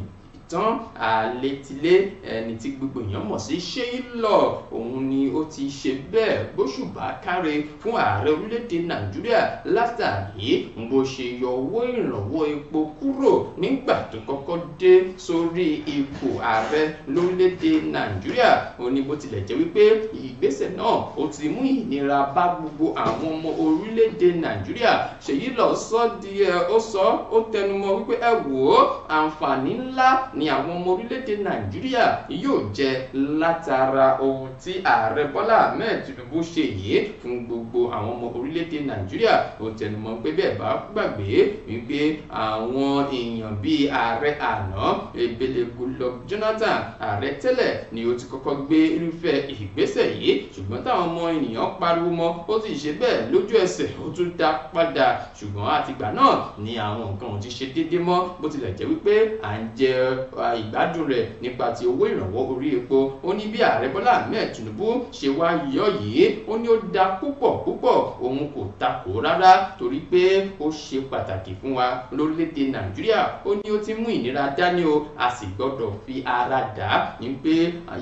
ìtàn àlétilé ẹni tí gbogbo èèyàn mọ̀ sí ṣéyí lọ òun ni ó ti ṣe bẹ́ẹ̀ bóṣùbà káre fún ààrẹ orílẹ̀-èdè nàìjíríà látàrí bó ṣe yọ owó ìrànwọ́ epo kúrò nígbà tó kọ́kọ́ dé sórí ipò ààrẹ lórílẹ̀-èdè nàìjíríà òun ni bó tilẹ̀ jẹ́ wípé ìgbésẹ̀ náà ó ti mú ìnira bá gbogbo àwọn ọmọ orílẹ̀-èdè nàìjíríà ṣèyí lọ sọ díẹ̀ ó sọ ó tẹnumọ́ wípé ẹ wò ó àǹfààní ńlá ni àwọn ọmọ orílẹ̀-èdè nàìjíríà yóò jẹ látara ohun tí ààrẹ bọ́lá ahmed tinubu ṣe yìí fún gbogbo àwọn ọmọ orílẹ̀-èdè nàìjíríà ó tẹnumọ́ pé bẹ́ẹ̀ bá gbàgbé wípé àwọn èèyàn bíi ààrẹ àná ebele goodluck jonathan ààrẹ tẹ́lẹ̀ ni ó ti kọ́kọ́ gbé irúfẹ́ ìgbésẹ̀ yìí ṣùgbọ́n táwọn ọmọ ènìyàn pariwo mọ́ ó ti ṣe bẹ́ẹ̀ lójú ẹsẹ̀ ó tún dá padà ṣùgbọ́n àtìgbà náà ni àwọn nǹkan ò ti ṣe déédéé mọ́ bó tilẹ̀ jẹ́ wípé à ń jẹ ìgbádùn rẹ̀ nípa ti owó ìrànwọ́ orí epo ó ní bí ààrẹ bọ́lá ahmed tinubu ṣe wá yọ yìí ó ní ó da púpọ̀ púpọ̀ òun kò takò rárá torí pé ó ṣe pàtàkì fún wa lórílẹ̀‐èdè nàìjíríà ó ní ó ti mú ìnira dání o a sì gbọ́dọ̀ fi ara dà á ní pé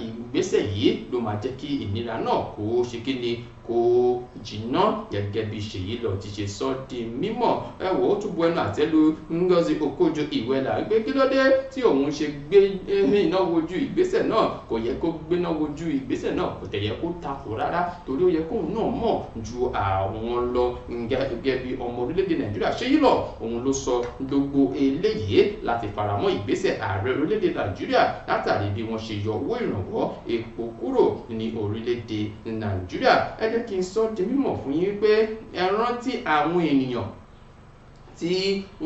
ìgbésẹ̀ yìí ló máa jẹ́ kí ìnira náà kó ṣe kí ni kó jìnnà gẹ́gẹ́ bí ṣèyí lọ ti ṣe sọ di mímọ̀ ẹ wò ó túbọ̀ ẹnu àtẹ́lu Ngozi Okonjo Iweala gbé kí ló dé tí òun ṣe gbé eh, iná wojú ìgbésẹ̀ náà kò yẹ kó gbéná wojú ìgbésẹ̀ náà kò tẹ̀yẹ kó takò rárá torí ó yẹ kóun náà mọ̀ ju àwọn lọ gẹ́gẹ́ bí ọmọ orílẹ̀-èdè Nàìjíríà ṣèyí lọ òun ló sọ gbogbo eléyìí láti faramọ́ ìgbésẹ̀ ààrẹ orílẹ̀-èdè Nàìjíríà látàrí bí wọ́n ṣe yọ owó ìrànwọ́ epo kúrò ní orílẹ̀-èdè Nàìjíríà ẹ jẹ́ kí n sọ di mímọ̀ fún yín pé ẹ rántí àwọn ènìyàn tí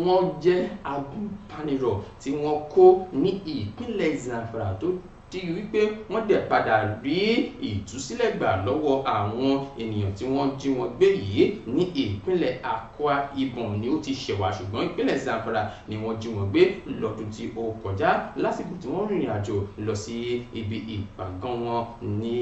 wọ́n jẹ́ agúnbánirọ̀ tí wọ́n kó ní ìpínlẹ̀ Zamfara tó di wípé wọ́n dẹ̀ padà rí ìtúsílẹ̀ gbà lọ́wọ́ àwọn ènìyàn tí wọ́n jí wọn gbé yìí ní ìpínlẹ̀ Akwa Ibom ni ó ti ṣẹ̀wà ṣùgbọ́n ìpínlẹ̀ Zamfara ni wọ́n jí wọn gbé lọ́dún tí ó kọjá lásìkò tí wọ́n rìnrìn àjò lọ sí ibi ìpàgán wọn ní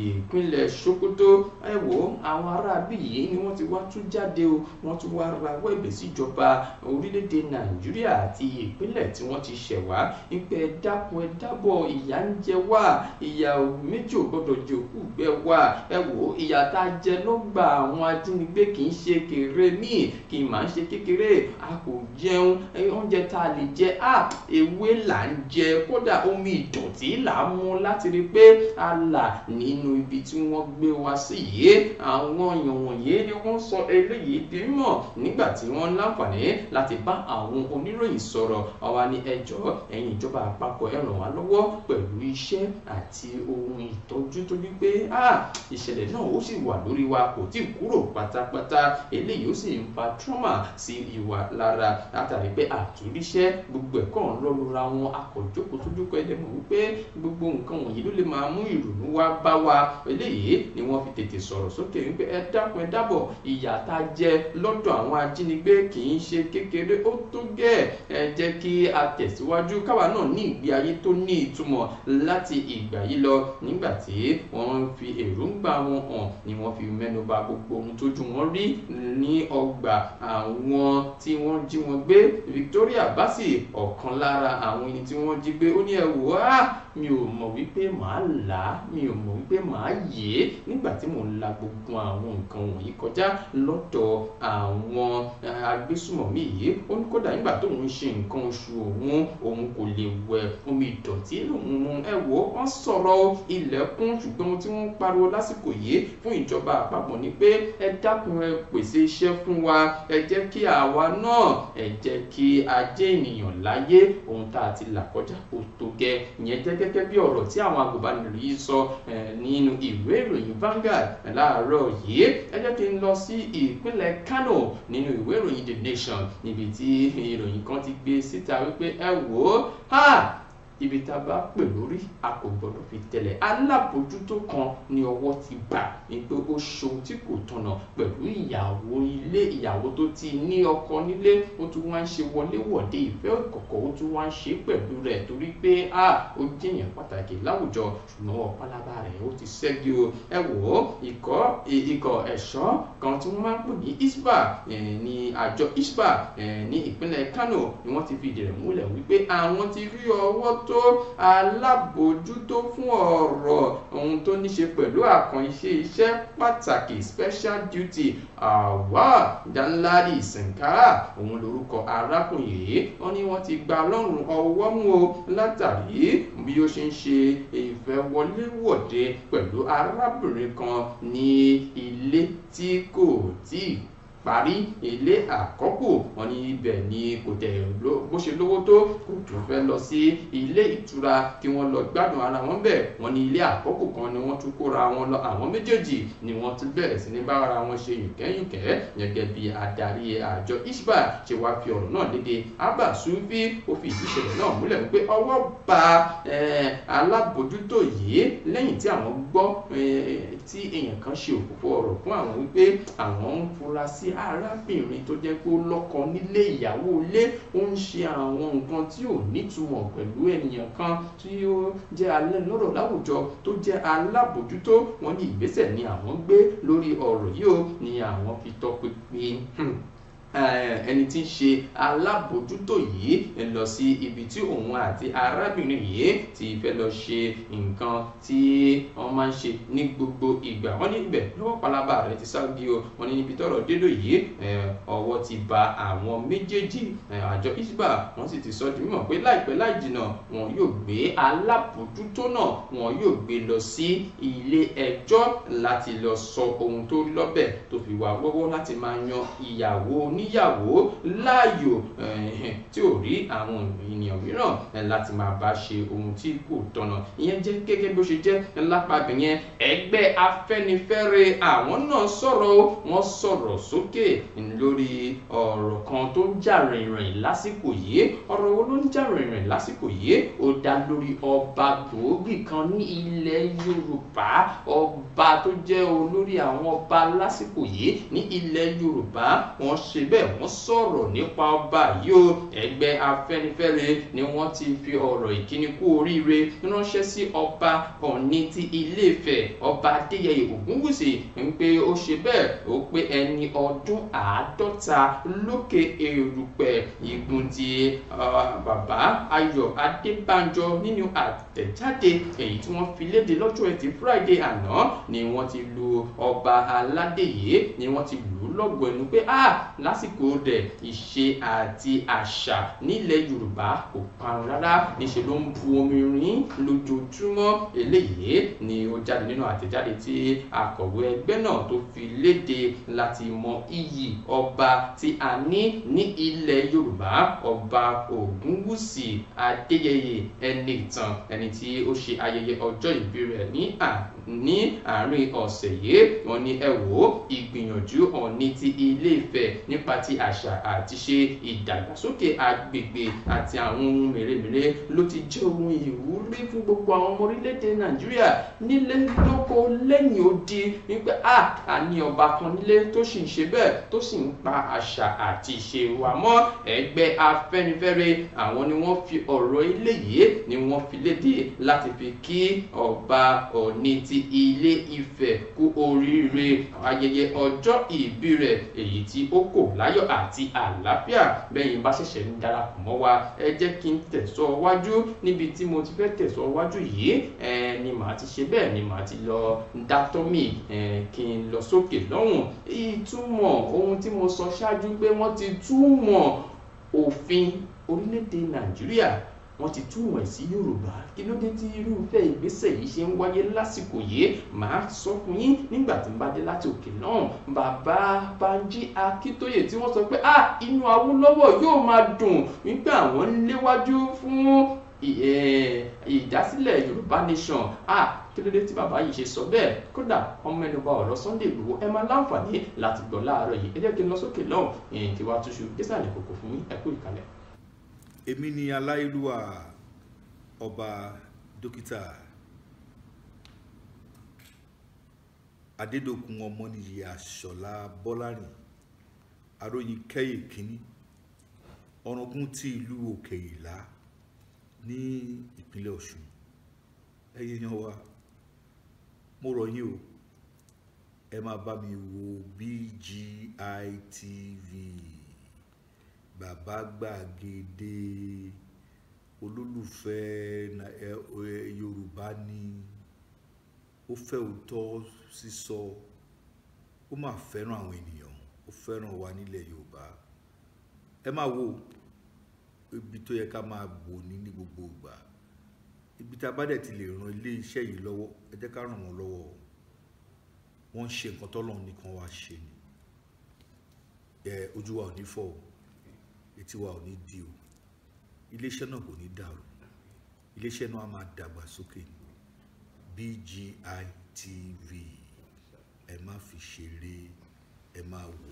ìpínlẹ̀ Sokoto ẹ wò àwọn aráabí yìí ni wọ́n ti wá tún jáde o wọ́n tún wá rawọ́ ẹ̀bẹ̀ síjọba orílẹ̀-èdè Nàìjíríà àti ìpínlẹ̀ tí wọ́n ti ṣẹ̀wá ń ń jẹ wá ìyà méjì ò gbọdọ̀ jẹ òkú gbẹ wá ẹ wò ìyà tá a jẹ lọ́gbà àwọn ajínigbé kì í ṣe kéré míì kì í máa ń ṣe kékeré a kò jẹun oúnjẹ tá a lè jẹ à ewé là ń jẹ kódà omi ìdọ̀tí là ń mú láti rí pé a là nínú ibi tí wọ́n gbé wa sí yìí àwọn èèyàn wọ̀nyí ni wọ́n sọ eléyìí di mọ̀ nígbà tí wọ́n láǹfààní láti bá àwọn oníròyìn sọ̀rọ̀ àwa ni ẹjọ́ ẹ̀yin ìjọba àpapọ̀ ẹ ràn wá lọ́wọ́ pẹ̀lú pẹ̀lú iṣẹ́ àti ohun ìtọ́jú tó wípé ìṣẹ̀lẹ̀ náà ó sì wà lórí wa kò tí ì kúrò pátápátá eléyìí ó sì ń fa trauma sí ìwà lára látàrí pé àtúríṣẹ́ gbogbo ẹ̀kọ́ ń lọ lura wọn akọ̀jókòó tójú kọ ẹ̀dẹ̀ wípé gbogbo nǹkan wọ̀nyí ló lè máa mú ìrònú wá bá wa eléyìí ni wọ́n fi tètè sọ̀rọ̀ sókè wípé ẹ dákun ẹ dábọ̀ ìyà tá a jẹ lọ́dọ̀ àwọn ajínigbé kì í ṣe kékeré ó tó gẹ́ẹ̀ ẹ jẹ́ kí a tẹ̀síwájú káwa náà ní ìgbé ayé tó ní ìtumọ̀ láti ìgbà yìí lọ nígbà tí wọ́n ń fi èròǹgbà wọn hàn ni wọ́n fi mẹ́nuba gbogbo ohun tójú wọn rí ní ọgbà àwọn tí wọ́n jí wọn gbé Victoria Bassey ọ̀kan lára àwọn ẹni tí wọ́n jí gbé ó ní ẹ á mi ò mọ̀ wípé màá là á mi ò mọ̀ wípé màá yè é nígbà tí mò ń la gbogbo àwọn nǹkan wọ̀nyí kọjá lọ́dọ̀ àwọn agbésùmọ̀mí yìí ó ní kódà nígbà tóun ṣe nǹkan oṣù òun òun kò lè wẹ̀ omi ìdọ̀tí lòun mú òun ẹ wò wọ́n sọ̀rọ̀ ilẹ̀kùn ṣùgbọ́n ohun tí wọ́n ń pariwo lásìkò yìí fún ìjọba àpapọ̀ ni pé ẹ dákun ẹ pèsè iṣẹ́ fún wa ẹ jẹ́ kí àwa náà ẹ jẹ́ kí ajé ènìyàn láyé ohun tá a ti là kọjá kó tó gẹ ìyẹn jẹ́ gẹ́gẹ́ bí ọ̀rọ̀ tí àwọn agùnbánirọ̀ yìí sọ nínú ìwé ìròyìn Vanguard láàárọ̀ yìí ẹ jẹ́ kí n lọ sí ìpínlẹ̀ Kano nínú ìwé ìròyìn The Nation níbi tí ìròyìn kan ti gbé síta wípé ẹ wò ó ibi tá a bá pè lórí a kò gbọdọ̀ fi tẹ̀lẹ̀ alábòjútó kan ni ọwọ́ ti bà ní pé ó ṣohun tí kò tọ̀nà pẹ̀lú ìyàwó ilé ìyàwó tó ti ní ọkọ nílé ó tún wá ń ṣe wọléwọ̀de ìfẹ́ ìkọ̀kọ̀ ó tún wá ń ṣe pẹ̀lú rẹ̀ torí pé a ó jẹ́yàn pàtàkì láwùjọ ṣùgbọ́n ọ̀pálábá rẹ̀ ó ti ṣẹ́gi o ẹ wò ó ikọ̀ ikọ̀ ẹ̀ṣọ́ kan tí wọ́n máa ń pè ní isba ní àjọ isba ní ìpínlẹ̀ Kano ni wọ́n ti fi ìdí rẹ̀ múlẹ̀ wípé àwọn ti rí ọwọ́ t tó alábòójútó fún ọ̀rọ̀ ohun tó ní ṣe pẹ̀lú àkànṣe iṣẹ́ pàtàkì special duty àwa Danladi Sankara òun lorúkọ arákùnrin yìí wọ́n ní wọ́n ti gba ọlọ́run ọwọ́ mú o látàrí bí ó ṣe ń ṣe ìfẹ́wọléwọ̀de pẹ̀lú arábìnrin kan ní ilé tí kò tíì parí ilé àkọ́kù wọn ní ibẹ̀ ni kò tẹ̀ bó ṣe lówó tó kò tún fẹ́ lọ sí ilé ìtura kí wọ́n lọ gbádùn ara wọn bẹ̀ wọ́n ní ilé àkọ́kù kan ni wọ́n tún kóra wọn lọ àwọn méjèèjì ni wọ́n tún bẹ̀rẹ̀ sí ní bára wọn ṣe yùnkẹ́yùnkẹ́ gẹ́gẹ́ bí adarí àjọ ISBA ṣe wá fi ọ̀rọ̀ náà léde Abba Sufi ó fi ìdí ìṣẹ̀lẹ̀ náà múlẹ̀ wípé ọwọ́ ba alábòjútó yìí lẹ́yìn tí àwọn gbọ́ tí arábìnrin tó jẹ́ pé ó lọ́kọ nílé ìyàwó ilé ó ń ṣe àwọn nǹkan tí ò nítumọ̀ pẹ̀lú ènìyàn kan tí ó jẹ́ alẹ́ lọ́rọ̀ láwùjọ tó jẹ́ alábòjútó wọn ní ìgbésẹ̀ ni àwọn gbé lórí ọ̀rọ̀ yìí ó ní àwọn fi tọpinpin hmm. Eh, ẹni tí ń ṣe alábòójútó yìí lọ sí ibi tí òun àti arábìnrin yìí ti fẹ́ lọ ṣe nǹkan tí wọ́n máa ń ṣe ní gbogbo ìgbà wọ́n ní ibẹ̀ lọ́wọ́ palaba rẹ̀ ti sá bí o wọ́n ní níbi tọ́rọ̀ dédò yìí eh, ọwọ́ ti ba àwọn méjèèjì eh, àjọ isba wọ́n sì ti sọ di mímọ̀ pé láìpẹ́ láì jìnnà wọn yóò gbé alábòójútó náà wọn yóò gbé lọ sí ilé ẹjọ́ láti lọ sọ ohun tó lọ́bẹ̀ tó fi wà wọ́wọ́ láti máa yan oníyàwó láàyò tí ò rí àwọn ènìyàn mìíràn láti máa bá ṣe ohun tí kò tọ̀nà ìyẹn jẹ́ gẹ́gẹ́ bó ṣe jẹ́ lápapẹ̀ yẹn ẹgbẹ́ afẹ́nifẹ́re àwọn náà sọ̀rọ̀ wọ́n sọ̀rọ̀ sókè lórí ọ̀rọ̀ kan tó ń jà rìnrìn lásìkò yìí ọ̀rọ̀ wo ló ń jà rìnrìn lásìkò yìí ó dá lórí ọba gbòógì kan ní ilẹ̀ Yorùbá ọba tó jẹ́ olórí àwọn ọba lásìkò yìí ní ilẹ̀ Yorùbá wọ́n ṣe níbẹ̀ wọ́n sọ̀rọ̀ nípa ọba yìí o ẹgbẹ́ afẹ́nifẹ́re ni wọ́n ti fi ọ̀rọ̀ ìkíni kú oríire ránṣẹ́ sí ọba ọ̀ní ti ilé Ifẹ̀ ọba adéyẹyè ògúnwùsì wípé ó ṣe bẹ́ẹ̀ ó pé ẹni ọdún àádọ́ta lókè èrùpẹ̀ igun ti bàbá ayọ̀ adébánjọ nínú àtẹ̀jáde èyí tí wọ́n fi léde lọ́jọ́ ẹtì Friday àná ni wọ́n ti lu ọba aládé yìí ni wọ́n ti lù ú lọ́gọ̀ ẹnu pé a ah, lásìkò rẹ̀ ìṣe àti àṣà nílẹ̀ Yorùbá kò parun rárá níṣẹ́ ló ń bu omi rin lójoojúmọ́ eléyìí ni ó jáde nínú àtẹ̀jáde tí akọ̀wé ẹgbẹ́ náà tó fi léde láti mọ iyì ọba tí a ní ní ilẹ̀ Yorùbá ọba Ògúnwùsì Adéyẹyè Ẹnìtàn ẹni tí ó ṣe ayẹyẹ ọjọ́ ìbí rẹ̀ ní àná ní àárín ọ̀sẹ̀ yìí wọ́n ní ẹ wò ó ìgbìyànjú Ọọ̀ni ti Ilé Ifẹ̀ nípa ti àṣà àti ṣe ìdàgbàsókè agbègbè àti àwọn ohun mèremère ló ti jẹ́ ohun ìwúrí fún gbogbo àwọn ọmọ orílẹ̀-èdè Nàìjíríà nílé lóko lẹ́yìn odi wípé a a ní ọba kan nílé tó sì ń ṣe bẹ́ẹ̀ tó sì ń pa àṣà àti ìṣe wa mọ́ ẹgbẹ́ Afẹ́nifẹ́re àwọn ni wọ́n fi ọ̀rọ̀ ilé yìí ni wọ́n fi léde láti fi kí ọba Ọọ̀ni t ti ilé ifẹ̀ kú oríire ayẹyẹ ọjọ́ ìbí rẹ̀ èyí tí ó kò láyọ̀ àti àlàáfíà bẹ́yìn bá ṣẹ̀ṣẹ̀ ń darapọ̀ mọ́ wa ẹ jẹ́ kí n tẹ̀sọ́ níbi tí mo ti fẹ́ tẹ̀sọ́ yìí ẹ ni màá ti ṣe bẹ́ẹ̀ ni màá ti lọ dátọ́mì ẹ kí n lọ sókè lọ́hùn ìtumọ̀ ohun tí mo sọ ṣáájú pé wọ́n ti túmọ̀ òfin orílẹ̀-èdè Nàìjíríà wọ́n ti túmọ̀ sí yorùbá kí ló dé tí irúfẹ́ ìgbésẹ̀ yìí ṣe ń wáyé lásìkò yìí màá sọ fún yín nígbà tí n bá dé láti òkè náà bàbá Banji Akíntóyè tí wọ́n sọ pé ah inú Awólọ́wọ̀ yóò máa dùn wípé àwọn ń léwájú fún ìdásílẹ̀ yorùbá nation ah kí ló dé tí bàbá yìí ṣe sọ bẹ́ẹ̀ kódà ọmọ mẹ́nuba ọ̀rọ̀ Sunday Igboho ẹ máa láǹfààní láti gbọ́ láàárọ̀ yìí ẹ jẹ́ kí n lọ sókè lọ́hùn èmi ni aláìlúwà ọba dókítà adédọ̀kun ọmọnìyí àṣọlá bọ́lárìn aróyin kẹ́yì kínní ọ̀ràngún ti ìlú òkè ìlá ní ìpínlẹ̀ ọ̀ṣun ẹ̀yin èèyàn wa mo rọ̀ yín o ẹ máa bá mi wo BGI bàbá gbàgede olólùfẹ́ yorùbá ni ó fẹ́ òótọ́ sísọ ó máa fẹ́ràn àwọn ènìyàn ó fẹ́ràn wa nílẹ̀ yorùbá ẹ máa wo ibi tó yẹ ká máa bò ní ní gbogbo ìgbà ibi tá a bá dẹ̀ ti lè ran ilé iṣẹ́ yìí lọ́wọ́ ẹ jẹ́ ká ràn wọ́n lọ́wọ́ wọ́n ń ṣe nǹkan tọ́lọ́run nìkan wá ṣe ni ojú wa ò ní fọ́ o etí wa ò ní di o iléeṣẹ́ náà kò ní dàrú iléeṣẹ́ náà á máa dàgbà sókè ní BGI TV ẹ má fi ṣeré ẹ máa wò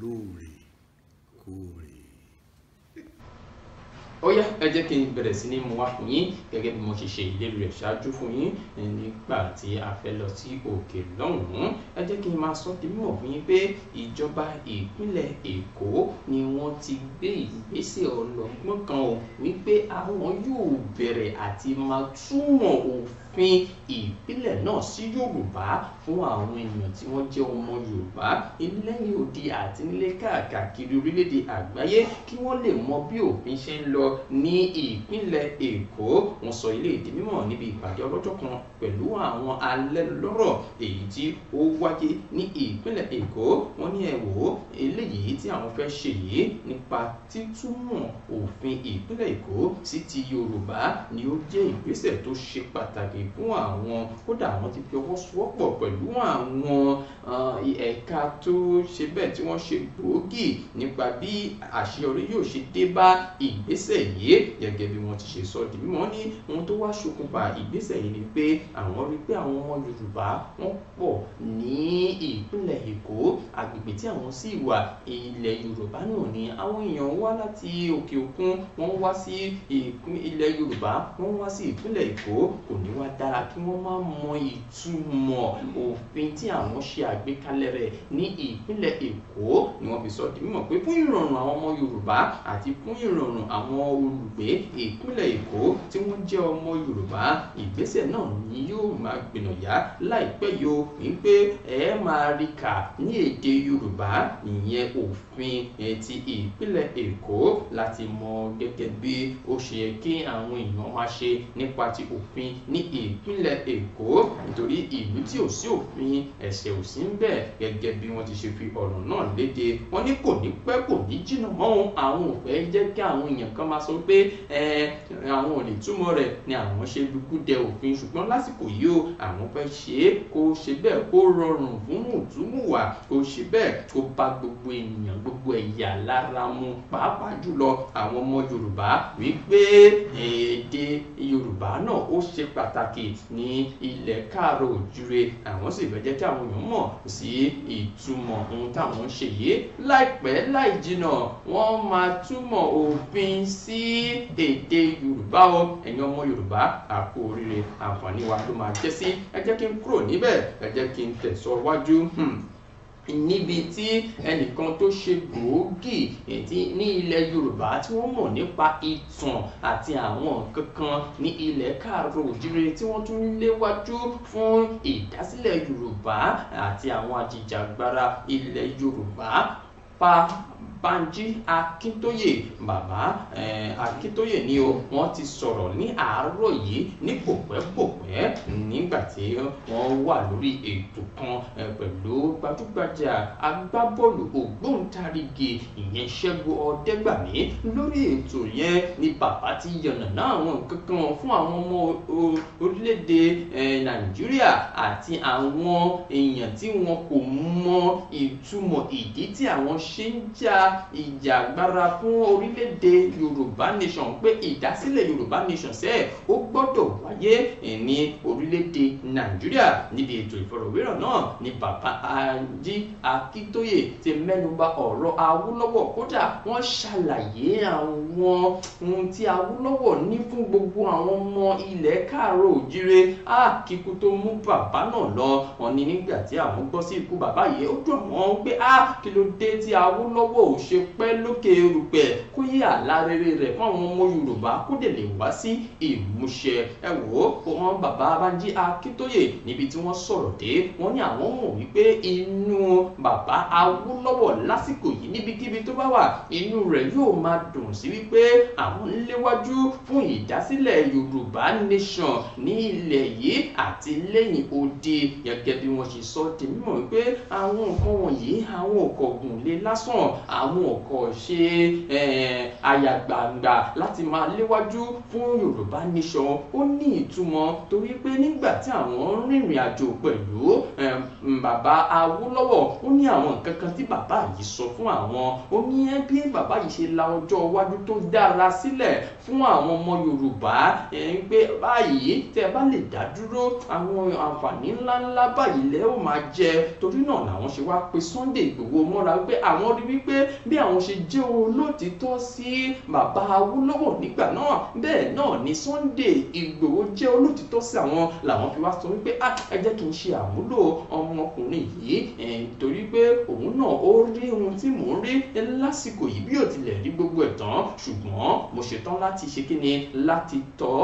lóòrèkóòrè ó yá ẹ jẹ́ kí n bẹ̀rẹ̀ sí ní mú wá fún yín gẹ́gẹ́ bí mo ṣe ṣe ìlérí rẹ̀ ṣáájú fún yín nígbà tí a fẹ́ lọ sí òkè lọ́hùn-ún ẹ jẹ́ kí n máa sọ di mímọ̀ fún yín pé ìjọba ìpínlẹ̀ Èkó ni wọ́n ti gbé ìgbésẹ̀ ọlọ́gbọ́n kan wípé àwọn yóò bẹ̀rẹ̀ àti máa túmọ̀ òfin òfin ìbílẹ̀ náà sí Yorùbá fún àwọn ènìyàn tí wọ́n jẹ́ ọmọ Yorùbá nílẹ́yìn odi àti nílé káàkiri orílẹ̀-èdè àgbáyé kí wọ́n lè mọ bí òfin ṣe ń lọ ní ìpínlẹ̀ Èkó wọ́n sọ ilé ìdí mímọ̀ níbi ìpàdé ọlọ́jọ́ kan pẹ̀lú àwọn alẹ́lọ́rọ̀ èyí tí ó wáyé ní ìpínlẹ̀ Èkó wọ́n ní ẹ wò eléyìí tí àwọn fẹ́ ṣe yìí nípa títúmọ̀ òfin ìpínlẹ̀ Èkó sí ti Yorùbá ni ó jẹ́ ìgbésẹ̀ tó ṣe pàtàkì fún àwọn kódà àwọn ti fi ọwọ́ sowọ́pọ̀ pẹ̀lú àwọn eh, ẹ̀ka tó ṣe bẹ́ẹ̀ tí wọ́n ṣe gbòógì nípa bí àṣeyọrí yóò ṣe dé bá ìgbésẹ̀ yìí gẹ́gẹ́ bí wọ́n ti ṣe sọ di mímọ̀ ní ohun tó wá ṣokùnfà ìgbésẹ̀ yìí ni pé àwọn rí pé àwọn ọmọ Yorùbá wọ́n pọ̀ ní ìpínlẹ̀ Èkó agbègbè tí àwọn sì wà ilẹ̀ Yorùbá náà ni àwọn èèyàn wá láti òkè òkun wọ́n wá sí ilẹ̀ Yorùbá wọ́n wá sí ìpínlẹ̀ Èkó kò ní wá dáradára kí wọ́n máa mọ ìtumọ̀ òfin tí àwọn ṣe àgbékalẹ̀ rẹ̀ ní ìpínlẹ̀ Èkó ni wọ́n fi sọ di mímọ̀ pé fún ìrọ̀rùn àwọn ọmọ Yorùbá àti fún ìrọ̀rùn àwọn olùgbé ìpínlẹ̀ Èkó tí wọ́n jẹ́ ọmọ Yorùbá ìgbésẹ̀ náà ni yóò máa gbìnàyà láìpẹ́ yóò ní pé ẹ máa rí kà ní èdè Yorùbá ìyẹn òfin ti ìpínlẹ̀ Èkó láti mọ gẹ́gẹ́ bí ó ṣe kí àwọn èèyàn máa ṣe nípa ti òfin ní ì ìpínlẹ̀ Èkó nítorí ìlú tí ò sí òfin ẹ̀ṣẹ̀ ò sí ń bẹ̀ gẹ́gẹ́ bí wọ́n ti ṣe fi ọ̀rọ̀ náà léde wọ́n ní kò ní pẹ́ kò ní jìnnà mọ́ òun àwọn ò fẹ́ jẹ́ kí àwọn èèyàn kan máa sọ pé àwọn ò lè túmọ̀ rẹ̀ ni àwọn ṣe lukú dẹ òfin ṣùgbọ́n lásìkò yìí o àwọn fẹ́ ṣe é kó ṣe bẹ́ẹ̀ kó rọrùn fún mùtúmùwà kó ṣe bẹ́ẹ̀ kó bá gbogbo ènìyàn gbogbo ẹ̀yà lára mu pàápàá jùlọ àwọn ọmọ Yorùbá wípé èdè Yorùbá náà ó ṣe pàtàkì pàtàkì ní ilẹ̀ káàró òjúre àwọn sì fẹ́ jẹ́ kí àwọn èèyàn mọ̀ sí ìtumọ̀ ohun táwọn ń ṣe yìí láìpẹ́ láì jìnà wọ́n máa túmọ̀ òfin sí èdè Yorùbá o ẹ̀yin ọmọ Yorùbá àpò oríire àǹfààní wa ló máa jẹ́ sí ẹ jẹ́ kí n kúrò níbẹ̀ ẹ jẹ́ kí n tẹ̀síwájú. Hmm níbi tí ẹnìkan tó ṣe gbòógì ètí ní ilẹ̀ yorùbá tí wọ́n mọ̀ nípa ìtàn àti àwọn nǹkan kan ní ilẹ̀ káàró òjìrè tí wọ́n tún léwájú fún ìdásílẹ̀ yorùbá àti àwọn ajìjàgbara ilẹ̀ yorùbá pa Banji Akíntóyè bàbá akintoye ni o wọ́n ti sọ̀rọ̀ ní àárọ̀ yìí ní kòpẹ́kòpẹ́ nígbà tí wọ́n wà lórí ètò kan pẹ̀lú gbajúgbajà agbábọ́ọ̀lù ògbóǹtarìgì ìyẹn Ṣẹ́gun Ọ̀dẹ́gbàmí lórí ètò yẹn ni bàbá ti yànnàná àwọn nǹkan kan fún àwọn ọmọ orílẹ̀-èdè Nàìjíríà àti àwọn èèyàn tí wọn kò mọ ìtumọ̀ ìdí tí àwọn ṣe ń jà ìjàgbara fún orílẹ̀-èdè yorùbá nation pé ìdásílẹ̀ yorùbá nation sẹ́ẹ̀ ó gbọ́dọ̀ wáyé ní orílẹ̀-èdè nàìjíríà níbi ètò ìfọ̀rọ̀wérọ̀ náà ni bàbá ají akíntóyè ti mẹ́nuba ọ̀rọ̀ awólọ́wọ̀ kódà wọ́n ṣàlàyé àwọn ohun tí awólọ́wọ̀ ní fún gbogbo àwọn ọmọ ilẹ̀ káàárọ̀ òjíire á kíkú tó mú bàbá náà lọ wọn ni nígbà tí àwọn gbọ́ sí ikú bàbá yìí ó dùn wọ́n pé á tí awólọ́wọ̀ ò ṣe pẹ́ lókè erùpẹ̀ kó yí àlá rere rẹ̀ fún àwọn ọmọ Yorùbá kó dẹ̀ lè wá sí ìmúṣẹ ẹ wò ó wọn bàbá Bánjí Akíntóyè níbi tí wọ́n sọ̀rọ̀ dé wọ́n ní àwọn mọ̀ wípé inú bàbá Awólọ́wọ̀ lásìkò yìí níbikíbi tó bá wà inú rẹ̀ yóò máa dùn sí wípé àwọn ń léwájú fún ìdásílẹ̀ Yorùbá nation ní ilẹ̀ yìí àti lẹ́yìn odi gẹ́gẹ́ bí wọ́n ṣe sọ di mímọ̀ wípé àwọn nǹkan wọ̀nyí àwọn òkọ̀ọ̀gùn lè àwọn nǹkan ṣe àyàgbàǹgbà láti máa léwájú fún Yorùbá nation ó ní ìtumọ̀ torí pé nígbà tí àwọn rìnrìn àjò pẹ̀lú bàbá Awólọ́wọ̀ ó ní àwọn nǹkan kan tí bàbá yìí sọ fún àwọn ó ní ẹ bí bàbá yìí ṣe la ọjọ́ iwájú tó dára sílẹ̀ fún àwọn ọmọ Yorùbá pé báyìí tẹ́ ẹ bá lè dá dúró àwọn àǹfààní ńláńlá báyìí lẹ́ ó máa jẹ torí náà làwọn ṣe wá pe Sunday Ìgbòho mọ́ra pé àwọn rí wípé bí àwọn ṣe jẹ́ olótìtọ́ sí bàbá Awólọ́wọ̀ nígbà náà bẹ́ẹ̀ náà ni Sunday Ìgbòho jẹ́ olótìtọ́ sí àwọn làwọn fi wá sọ wípé ẹ jẹ́ kí n ṣe àmúlò ọmọkùnrin yìí nítorí pé òun náà ó rí ohun tí mò ń rí lásìkò yìí bí ò tilẹ̀ rí gbogbo ẹ̀ tán ṣùgbọ́n mo ṣetán láti ṣe kí ni láti tọ́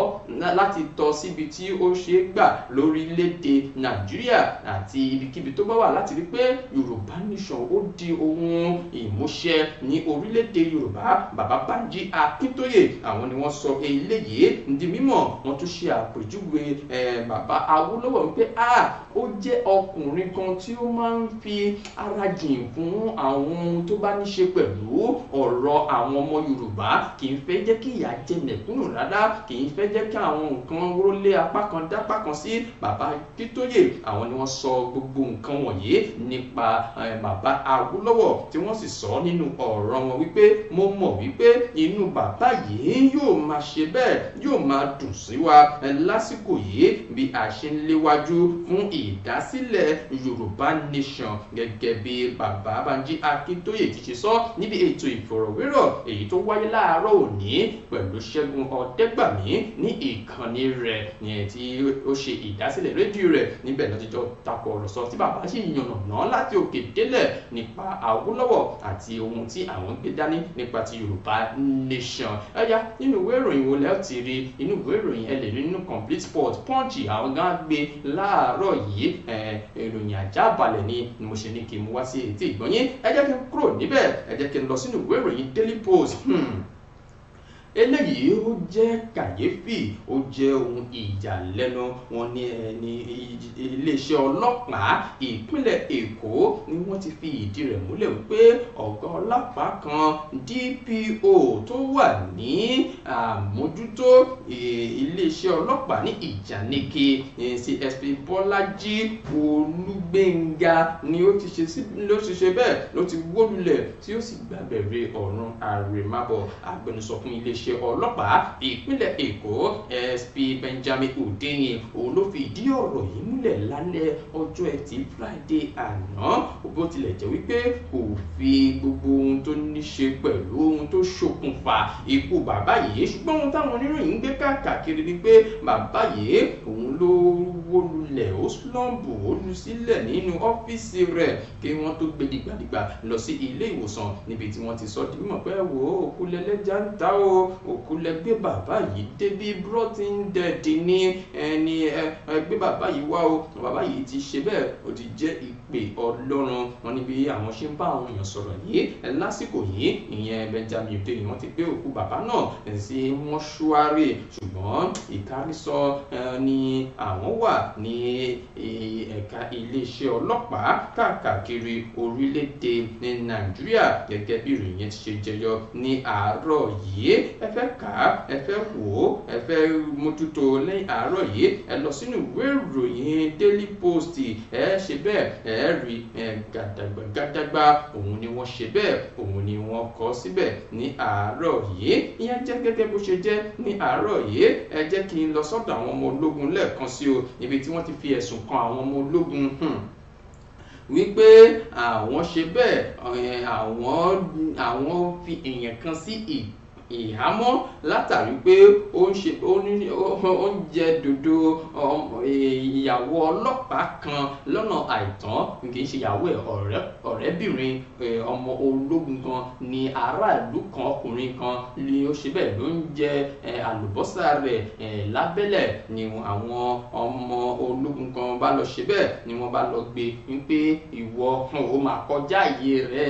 láti tọ́ síbi tí ó ṣe é gbà lórílẹ̀‐èdè Nàìjíríà àti ibikíbi tó bá wà láti rí pé Yorùbá nation ó di ohun ìmúṣẹ àṣẹ ní orílẹ̀-èdè yorùbá bàbá banji akíntóyè àwọn ni wọ́n sọ eléyìí di mímọ̀ wọ́n tún ṣe àpèjúwe bàbá awólọ́wọ̀ wípé a ó jẹ́ ọkùnrin kan tí ó máa ń fi ara jìn fún àwọn ohun tó bá ní ṣe pẹ̀lú ọ̀rọ̀ àwọn ọmọ yorùbá kì í fẹ́ jẹ́ kí ìyà jẹ mẹ̀kúnnù rárá kì í fẹ́ jẹ́ kí àwọn nǹkan rólé apá kan dápá kan sí bàbá akíntóyè àwọn ni wọ́n sọ gbogbo nǹkan wọ̀nyí nípa bàbá awólọ́wọ̀ tí wọ́n sì sọ ní nínú ọ̀rọ̀ wọn wípé mo mọ̀ wípé inú bàbá yìí yóò máa ṣe bẹ́ẹ̀ yóò máa dùn sí wa lásìkò yìí bí a ṣe ń léwájú fún ìdásílẹ̀ Yorùbá nation gẹ́gẹ́ bí bàbá Banji Akíntóyè ti ṣe sọ níbi ètò ìfọ̀rọ̀wérọ̀ èyí tó wáyé láàárọ̀ òní pẹ̀lú Ṣẹ́gun Ọ̀dẹ́gbàmí ní ìkànnì rẹ̀ ní tí ó ṣe ìdásílẹ̀ rédíò rẹ̀ níbẹ̀ ló ti jọ takò ọ̀rọ̀ sọ tí bàbá sì yànnàná láti òkè délẹ̀ nípa Awólọ́wọ̀ àti ohun tí àwọn gbé dání nípa ti Yorùbá Nation ẹ̀yà nínú ìwé ìròyìn wo lẹ́ẹ̀ ti rí inú ìwé ìròyìn ẹ lè rí nínú complete sport punch àwọn gan gbé láàárọ̀ yìí ìròyìn àjábalẹ̀ ni mo ṣe ní kí n mú wá sí etí ìgbọ́nyín ẹ jẹ́ kí n kúrò níbẹ̀ ẹ jẹ́ kí n lọ sínú ìwé ìròyìn Daily Post. Hmm eléyìí ó jẹ́ kàyéfì ó jẹ́ ohun ìyàlẹ́nu wọn ní ẹni iléeṣẹ́ ọlọ́pàá ìpínlẹ̀ èkó ni wọ́n ti fi ìdí rẹ̀ múlẹ̀ wípé ọ̀gá ọlọ́pàá kan DPO tó wà ní àmójútó e, iléeṣẹ́ ọlọ́pàá ní ìjànìkè e, CSP bọ́lájí olúgbénga ni ó ti ṣe bẹ́ẹ̀ ló ti wó lulẹ̀ tí ó sì gbàgbẹ̀rẹ̀ ọ̀run àrèmábọ̀ agbẹnusọ fún iléeṣẹ́ ṣe ọlọ́pàá ìpínlẹ̀ èkó sp benjamin hundeyin òun ló fi ìdí ọ̀rọ̀ yìí múlẹ̀ lálẹ́ ọjọ́ ẹtì friday àná bó tilẹ̀ jẹ́ wípé kò fi gbogbo ohun tó ní ṣe pẹ̀lú ohun tó ṣokùnfà ikú bàbá yìí ṣùgbọ́n ohun táwọn oníròyìn ń gbé káàkiri ni pé bàbá yìí òun ló wó lulẹ̀ ó slọ́ǹbù ó lu sílẹ̀ nínú ọ́fíìsì rẹ̀ kí wọ́n tó gbé dìgbàdìgbà lọ sí ilé ìwòsàn níbi tí wọ́n ti sọ di mímọ̀ pé wò ó kú lẹ́lẹ́jà ń ta o òkú lẹ gbé bàbá yìí débi brotin dẹ́ẹ̀dì ní ẹni ẹ gbé bàbá yìí wá o bàbá yìí ti ṣe bẹ́ẹ̀ ó ti jẹ́ ìpè ọlọ́run wọn níbi àwọn ṣe ń bá àwọn èèyàn sọ̀rọ̀ yìí lásìkò yìí ìyẹn Benjamin Hundeyin wọ́n ti gbé òkú bàbá náà sí mọ́ṣúárì ṣùgbọ́n ìkárísọ ni àwọn wà ní e, ẹ̀ka iléeṣẹ́ ọlọ́pàá káàkiri orílẹ̀-èdè ní Nàìjíríà gẹ́gẹ́ bí ìròyìn ti ṣe jẹyọ ní àárọ̀ yìí ẹ fẹ́ kà á ẹ fẹ́ wò ó ẹ fẹ́ mójútó ní àárọ̀ yìí ẹ lọ sínú ìwé ìròyìn Daily Post ẹ ṣe bẹ́ẹ̀ ẹ rí gàdàgbà gàdàgbà òun ni wọ́n ṣe bẹ́ẹ̀ òun ni wọ́n kọ síbẹ̀ ní àárọ̀ yìí ìyẹn jẹ́ gẹ́gẹ́ bó ṣe jẹ́ ní àárọ̀ yìí ẹ jẹ́ kí n lọ sọ́dọ̀ àwọn ọmọ ológun lẹ́ẹ̀kan sí o níbi tí wọ́n ti fi ẹ̀sùn kan àwọn ọmọ ológun hmm, wípé àwọn ṣe bẹ́ẹ̀ àwọn fi èèyàn kan sí ìdí ìhámọ́ látàrí pé ó ń ṣe ó ń jẹ dòdò um, e, ìyàwó ọlọ́pàá kan lọ́nà àìtàn kì í ṣe ìyàwó ẹ̀ ọ̀rẹ́ ọ̀rẹ́bìnrin e, ọmọ ológun kan ni aráàlú kan ọkùnrin kan ni ó ṣe bẹ́ẹ̀ ló ń jẹ e, àlùbọ́sà rẹ̀ lábẹ́lẹ̀ ni àwọn ọmọ ológun kan bá lọ ṣe bẹ́ẹ̀ ni wọ́n bá lọ gbé wípé ìwọ ó máa kọjá àyè rẹ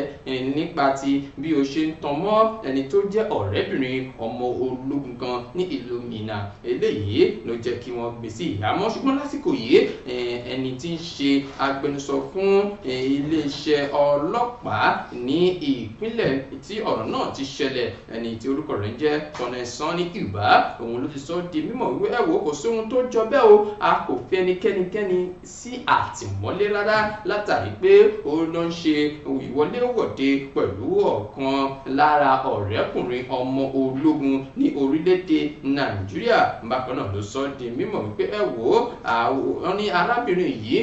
nípa ti bí o ṣe ń tan mọ́ ẹni tó jẹ́ ọ̀rẹ́ ọ̀rẹ́bìnrin ọmọ ológun kan ní ìlú Minna eléyìí ló jẹ́ kí wọ́n gbé sí ìhámọ́ ṣùgbọ́n lásìkò yìí ẹni tí ń ṣe agbẹnusọ fún iléeṣẹ́ ọlọ́pàá ní ìpínlẹ̀ tí ọ̀rọ̀ náà ti ṣẹlẹ̀ ẹni tí orúkọ rẹ̀ ń jẹ́ Colonel Sanni Ubah òun ló ti sọ di mímọ̀ wípé ẹ̀wọ̀ kò sóhun tó jọ bẹ́ẹ̀ o a kò fi ẹnikẹ́nikẹ́ni sí àtìmọ́lé rárá látàrí pé ó lọ ń ṣe ìwọléwọ̀de pẹ̀lú ọ̀kan lára ọ̀rẹ́kùnrin ọmọ ọmọ ológun ní orílẹ̀-èdè nàìjíríà bákan náà ló sọ di mímọ̀ wípé ẹ wò ó àwọn ní arábìnrin yìí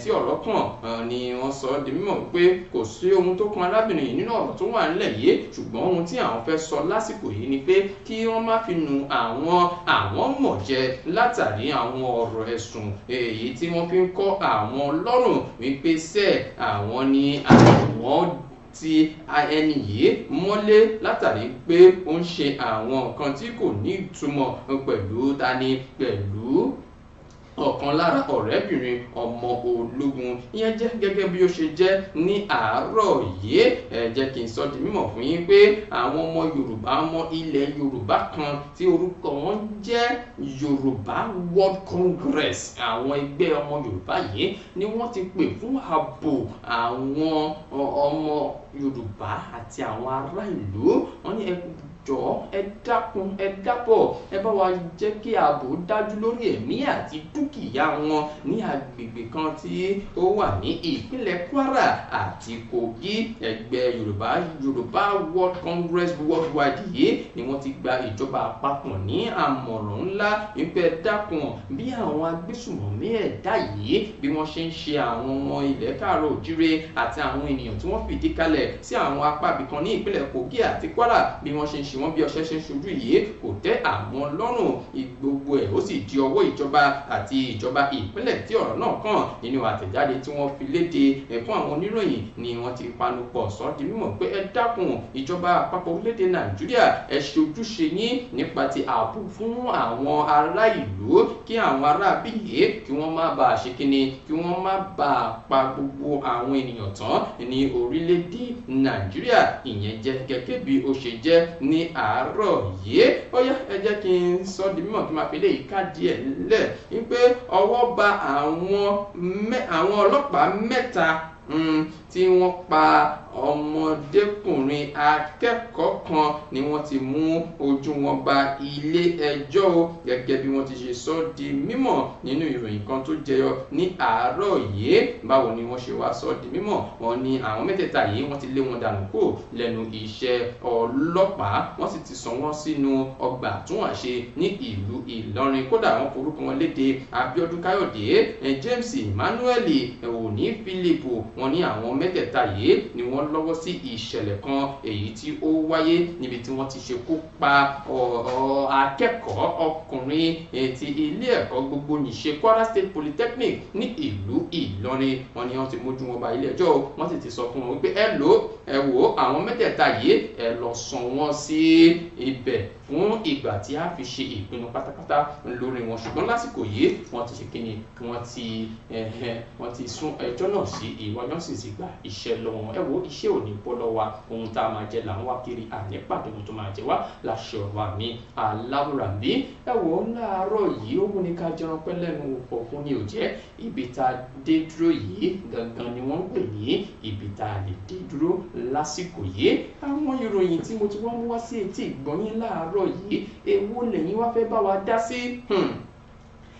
tí ọ̀rọ̀ kàn ni wọ́n sọ di mímọ̀ wípé kò sí ohun tó kan arábìnrin yìí nínú ọ̀rọ̀ tó wà nílẹ̀ yìí ṣùgbọ́n ohun tí àwọn fẹ́ sọ lásìkò yìí ni pé kí wọ́n má fi nu àwọn àwọn mọ̀ jẹ látàrí àwọn ọ̀rọ̀ ẹ̀sùn èyí tí wọ́n fi ń kọ́ àwọn lọ́rùn wípé sẹ́ẹ̀ àwọn ni àwọn ti ẹni yìí e mọ́lé látàrí pé ó ń ṣe àwọn nǹkan tí kò ní ìtumọ̀ pẹ̀lú tani pẹ̀lú ọ̀kan lára ọ̀rẹ́bìnrin ọmọ ológun ìyẹn jẹ́ gẹ́gẹ́ bí ó ṣe jẹ́ ní àárọ̀ yìí ẹ jẹ́ kí n sọ di mímọ̀ fún yín pé àwọn ọmọ yorùbá ọmọ ilẹ̀ yorùbá kan tí orúkọ wọn jẹ́ yorùbá world congress àwọn ẹgbẹ́ ọmọ yorùbá yìí ni wọ́n ti pè fún ààbò àwọn ọmọ yorùbá àti àwọn ará ìlú wọ́n ní ẹ jọ̀ọ́ ẹ dákun ẹ dábọ̀ ẹ bá wa jẹ́ kí ààbò dájú lórí ẹ̀mí àti dúkìá wọn ní agbègbè kan tí ó wà ní ìpínlẹ̀ Kwara àti Kogi ẹgbẹ́ Yorùbá Yorùbá World Congress Worldwide yìí ni wọ́n ti gba ìjọba àpapọ̀ ní àmọ̀ràn ńlá wípé ẹ dákun bí àwọn agbésùmọ̀mí ẹ̀dá yìí bí wọ́n ṣe ń ṣe àwọn ọmọ ilẹ̀ káàárọ̀ òjíire àti àwọn ènìyàn tí wọ́n fìdí kalẹ̀ sí àwọn apá ibìkan ní ìpínlẹ̀ Kogi àti Kwara bí wọ́n ṣe ń ṣe ṣùgbọ́n bí ọṣẹ ṣe ń ṣojú yìí kò tẹ́ àwọn lọ́rùn gbogbo ẹ̀ ó sì di ọwọ́ ìjọba àti ìjọba ìpínlẹ̀ tí ọ̀rọ̀ náà kàn nínú àtẹ̀jáde tí wọ́n fi léde ẹ̀fún àwọn oníròyìn ni wọ́n ti panupọ̀ sọ di mímọ̀ pé ẹ dákun ìjọba àpapọ̀ orílẹ̀-èdè nàìjíríà ẹ ṣe yín nípa ti ààbò fún àwọn ará ìlú kí àwọn ará bíyè kí wọ́n má bàa ṣe kíni kí wọ́n má bàa pa gbogbo àwọn ènìyàn tán ní orílẹ̀-èdè nàìjíríà ìyẹn jẹ́ gẹ́gẹ́ bí ó ṣe jẹ́ ní ní àárọ̀ yìí ó yá ẹ jẹ́ kí n sọ di mímọ̀ kí n máa fi lè ká díẹ̀ lẹ̀ wípé ọwọ́ ba àwọn ọlọ́pàá mẹ́ta hmm, tí wọ́n pa ọmọdékùnrin akẹ́kọ̀ọ́ kan ni wọ́n ti mú ojú wọn ba ilé ẹjọ́ o gẹ́gẹ́ bí wọ́n ti ṣe sọ di mímọ̀ nínú ìròyìn kan tó jẹyọ ní àárọ̀ yìí báwo ni wọ́n ṣe wá sọ di mímọ̀ wọ́n ní àwọn mẹ́tẹ̀ẹ̀ta yìí wọ́n ti lé wọn dànù kó lẹ́nu iṣẹ́ ọlọ́pàá wọ́n sì ti sọ wọ́n sínú ọgbà àtúnwàṣe ní ìlú Ìlọrin kódà wọ́n forúkọ wọn léde Abíọ́dún Káyọ̀dé James Emmanuel Òní Philip wọ́n ní àwọn mẹ́tẹ̀ẹ̀ta yìí ni wọ́n lọ́wọ́ sí ìṣẹ̀lẹ̀ kan èyí tí ó wáyé níbi tí wọ́n ti ṣekú pa akẹ́kọ̀ọ́ ọkùnrin eh, ti ilé ẹ̀kọ́ gbogbo nìṣe Kwara State Polytechnic ní ìlú Ìlọrin wọ́n ní wọ́n ti mójú wọn bá ilé ẹjọ́ wọ́n sì ti sọ fún wọn pé ẹ lò ẹ wò àwọn mẹ́tẹ̀ẹ̀ta yìí ẹ lọ sàn wọ́n sí ibẹ̀ fún ìgbà tí a fi ṣe ìpinnu pátápátá lórí wọn ṣùgbọ́n lásìkò yìí wọ́n ti ṣe kíni wọ́n ti sún ẹjọ́ náà sí ìwájú sì gbà iṣẹ́ lọ́wọ́ ẹ wo iṣẹ́ ò ní bọ́ lọ́wọ́ ohun tá a máa jẹ là ń wá kiri àní pàtó tó máa jẹ wá láṣọ wa mi aláwòrán bí ẹ wo láàárọ̀ yìí ó wù ní ká jẹun pẹ́ lẹ́nu ọ̀hún ni ò jẹ́ ibi tá a dé dúró yìí gangan ni wọ́n ń pè ní ibi tá a lè dé dúró lásìkò yìí àwọn ìròyìn tí mo ti wá mú wá sí etí ìgbọ́nyín láàárọ̀ yìí èwo lẹ́yìn wá fẹ́ bá wa dá sí. Hmm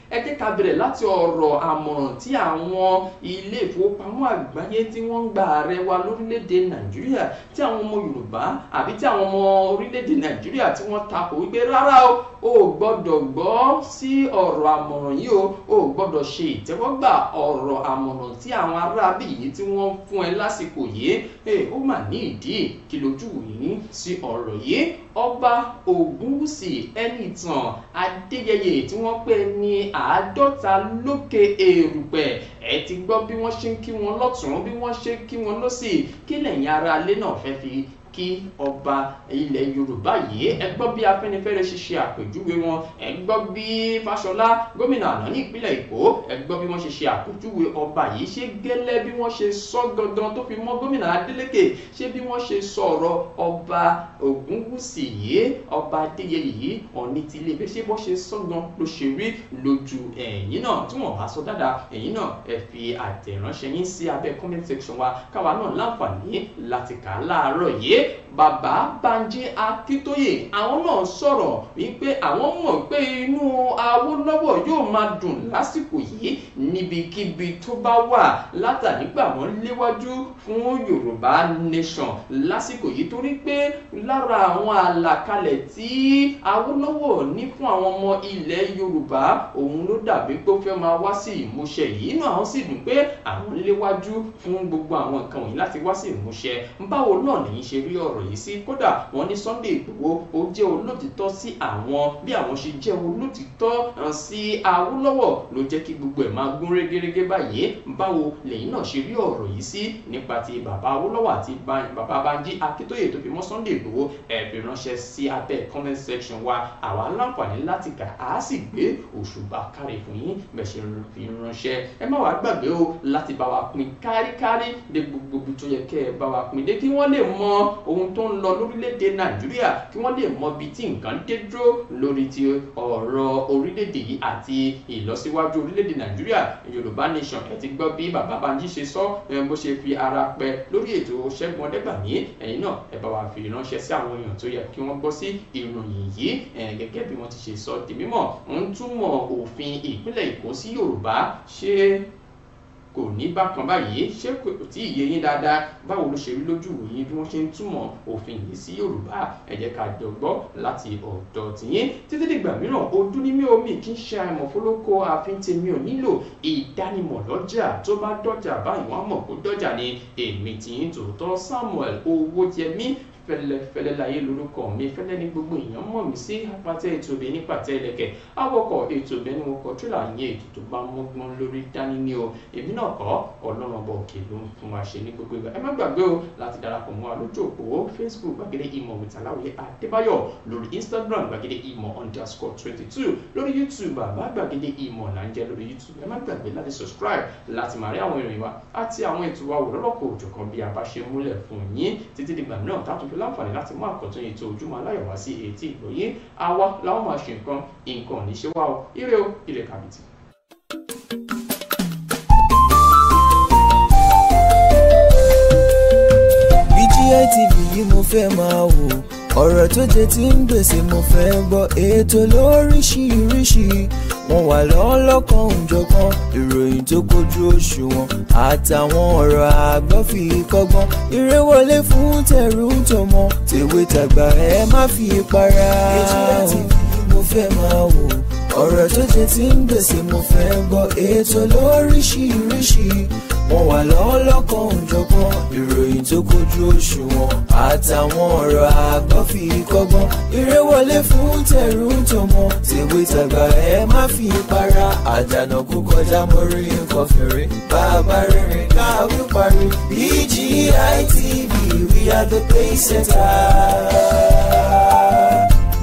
ẹ jẹ́ ká bẹ̀rẹ̀ láti ọ̀rọ̀ àmọ̀ràn tí àwọn ilé ìfowópamọ́ àgbáyé tí wọ́n ń gba ààrẹ wa lórílẹ̀‐èdè nàìjíríà tí àwọn ọmọ yorùbá àbí tí àwọn ọmọ orílẹ̀‐èdè nàìjíríà tí wọ́n takò wípé rárá o ò gbọ́dọ̀ gbọ́ sí ọ̀rọ̀ àmọ̀ràn yìí o ò gbọ́dọ̀ ṣe ìtẹ́wọ́gbà ọ̀rọ̀ àmọ̀ràn tí àwọn aráabì yìí tí wọ́n fún ẹ lásìkò yìí ó mà ní ìdí kí yìí sí ọ̀rọ̀ yìí ọba ògúnwùsì ẹnìtàn adéyẹyè tí wọ́n pè ní àádọ́ta lókè èrùpẹ̀ ẹ ti gbọ́ bí wọ́n ṣe ń kí wọn lọ́tún bí wọ́n ṣe ń kí wọn lọ́sì kí lẹ́yìn ara alẹ́ fẹ́ fi kí ọba ilẹ̀ yorùbá yìí ẹ gbọ́ bí afẹ́nifẹ́re ṣe ṣe àpèjúwe wọn ẹ gbọ́ bí fáṣọlá gómìnà àná ní ìpínlẹ̀ èkó ẹ gbọ́ bí wọ́n ṣe ṣe àpèjúwe ọba yìí ṣé gẹ́lẹ́ bí wọ́n ṣe sọ gangan tó fi mọ́ gómìnà adélèké ṣé bí wọ́n ṣe sọ ọ̀rọ̀ ọba ògúngúsì yìí ọba adéyẹyè yìí ọ̀ní ti ilé ṣé bó ṣe sọ gan ló ṣe rí lójú ẹ̀yin náà tí wọ́n bá sọ bàbá Banji Akíntóyè àwọn náà sọ̀rọ̀ wípé àwọn mọ̀ pé inú Awólọ́wọ̀ yóò máa dùn lásìkò yìí níbikíbi tó bá wà látàrí pé àwọn léwájú fún Yorùbá nation lásìkò yìí torí pé lára àwọn àlàkalẹ̀ tí Awólọ́wọ̀ ní fún àwọn ọmọ ilẹ̀ Yorùbá òun ló dàbí pé ó fẹ́ máa wá sí ìmúṣẹ yìí inú àwọn sì dùn pé àwọn léwájú fún gbogbo àwọn nǹkan wọ̀nyí láti wá sí ìmúṣẹ báwo náà nìyí ṣe rí rí ọ̀rọ̀ yìí sí kódà wọ́n ní Sunday Ìgbòho ó jẹ́ olótìtọ́ sí àwọn bí àwọn ṣe jẹ́ olótìtọ́ eh, sí Awólọ́wọ̀ ló jẹ́ kí gbogbo ẹ̀ máa gún régérégé báyìí báwo lẹ́yìn náà ṣe rí ọ̀rọ̀ yìí sí nípa ti bàbá Awólọ́wọ̀ àti bàbá Banji Akíntóyè tó fi mọ́ Sunday Ìgbòho ẹ fi ránṣẹ́ sí abẹ́ comment section wa àwa láǹfààní láti kà á sì gbé òṣùbà kárí fún yín bẹ́ẹ̀ ṣe fi ránṣẹ́ ẹ má wàá gbàgbé o láti bá wa pín káríkárí dé gbogbo ibi yẹ kẹ́ ẹ bá wa pín dé kí wọ́n lè mọ ohun tó ń lọ lórílẹ̀‐èdè nàìjíríà kí wọ́n lè mọ ibi tí nǹkan dé dúró lórí ti ọ̀rọ̀ orílẹ̀‐èdè yìí àti ìlọsíwájú orílẹ̀‐èdè nàìjíríà yorùbá nation ẹ̀ ti gbọ́ bí bàbá banjí ṣe sọ bó ṣe fi ara pẹ́ lórí ètò ṣẹ́gun ọdẹ́gbàmí ẹ̀yin náà ẹ bá wa fi ránṣẹ́ sí àwọn èèyàn tó yẹ kí wọ́n gbọ́ sí ìròyìn yìí gẹ́gẹ́ bí wọ́n ti ṣe sọ di mímọ̀ ń túmọ̀ òfin ìpínlẹ̀ èkó sí yorùbá ṣe kò ní bákan báyìí ṣé kò tí ì yé yín dáadáa báwo ló ṣe rí lójú yín bí wọ́n ṣe ń túmọ̀ òfin yìí sí Yorùbá ẹ jẹ́ ká jọ gbọ́ láti ọ̀dọ̀ tìyín títí dìgbà mìíràn ojú ní mi ò mi kì í ṣe àìmọ̀fólókó àfin tèmi ò nílò ìdánimọ̀ lọ́jà tó bá dọ́jà báyìí wọ́n mọ̀ kó dọ́jà ni èmi tìyín tòótọ́ Samuel Owóyẹmí fẹ́lẹ́fẹ́lẹ́ láyé lórúkọ mi fẹ́lẹ́ ní gbogbo èèyàn mọ̀ mí sí apátẹ́ ètò obìnrin ní pàtẹ́ ẹlẹ́kẹ̀ awọkọ̀ ètò obìnrin wọn kọ tíra yẹn ètò tó bá mọ́gbọ́n lórí dání ni o èmi náà kọ́ ọlọ́run ọba òkè ló ń fún wa ṣe ní gbogbo ìgbà ẹ má gbàgbé o láti darapọ̀ mọ́ wa lójú òpó facebook gbàgede ìmọ̀ wìtàláwìyẹ adébáyọ̀ lórí instagram gbàgede ìmọ̀ underscore twenty two lórí youtube bàbá gbàgede ìmọ̀ là ń jẹ́ lórí youtube ẹ má gbàgbé láti subscribe láti máa rí àwọn ìròyìn wa àti àwọn wa wò lọ́lọ́kọ̀ a bá ṣe múlẹ̀ fún yín títí dìgbà láǹfààní láti mú àkọ́tún ètò ojúmọ́ aláyọ̀ wá sí etí ìgbòyín àwa làwọn máa ṣe nǹkan nǹkan ò ní o ire o ire kàbìtì. BGI TV yìí mo fẹ́ máa wò ọ̀rọ̀ tó jẹ ti ń gbèsè mo fẹ́ gbọ́ ètò lóríṣiríṣi wọ́n wà lọ́wọ́ lọ́kàn òjọ̀kan ìròyìn tó kojú òṣùwọ̀n àtàwọn ọ̀rọ̀ àgbọ́ fi kọ́gbọ́n eré wọlé fún tẹ̀rù tọmọ tèwe tàgbà ẹ má fi para. ètò láti fi mo fẹ́ máa wò ọ̀rọ̀ tó jẹ ti ń gbèsè mo fẹ́ gbọ́ ètò lóríṣiríṣi wọn wà lọ́wọ́ lọ́kàn òjọ̀gbọ́n ìròyìn tó kojú òṣùwọ̀n àtàwọn ọ̀rọ̀ àgbọ́ fi kọ́gbọ́n eré wọlé fún tẹ̀rù tọmọ tèwe tàgbà ẹ má fi para àdànà kó kọjá mo rí nǹkan fèrè bàbá rere káwí parí BGI TV we are the pace setters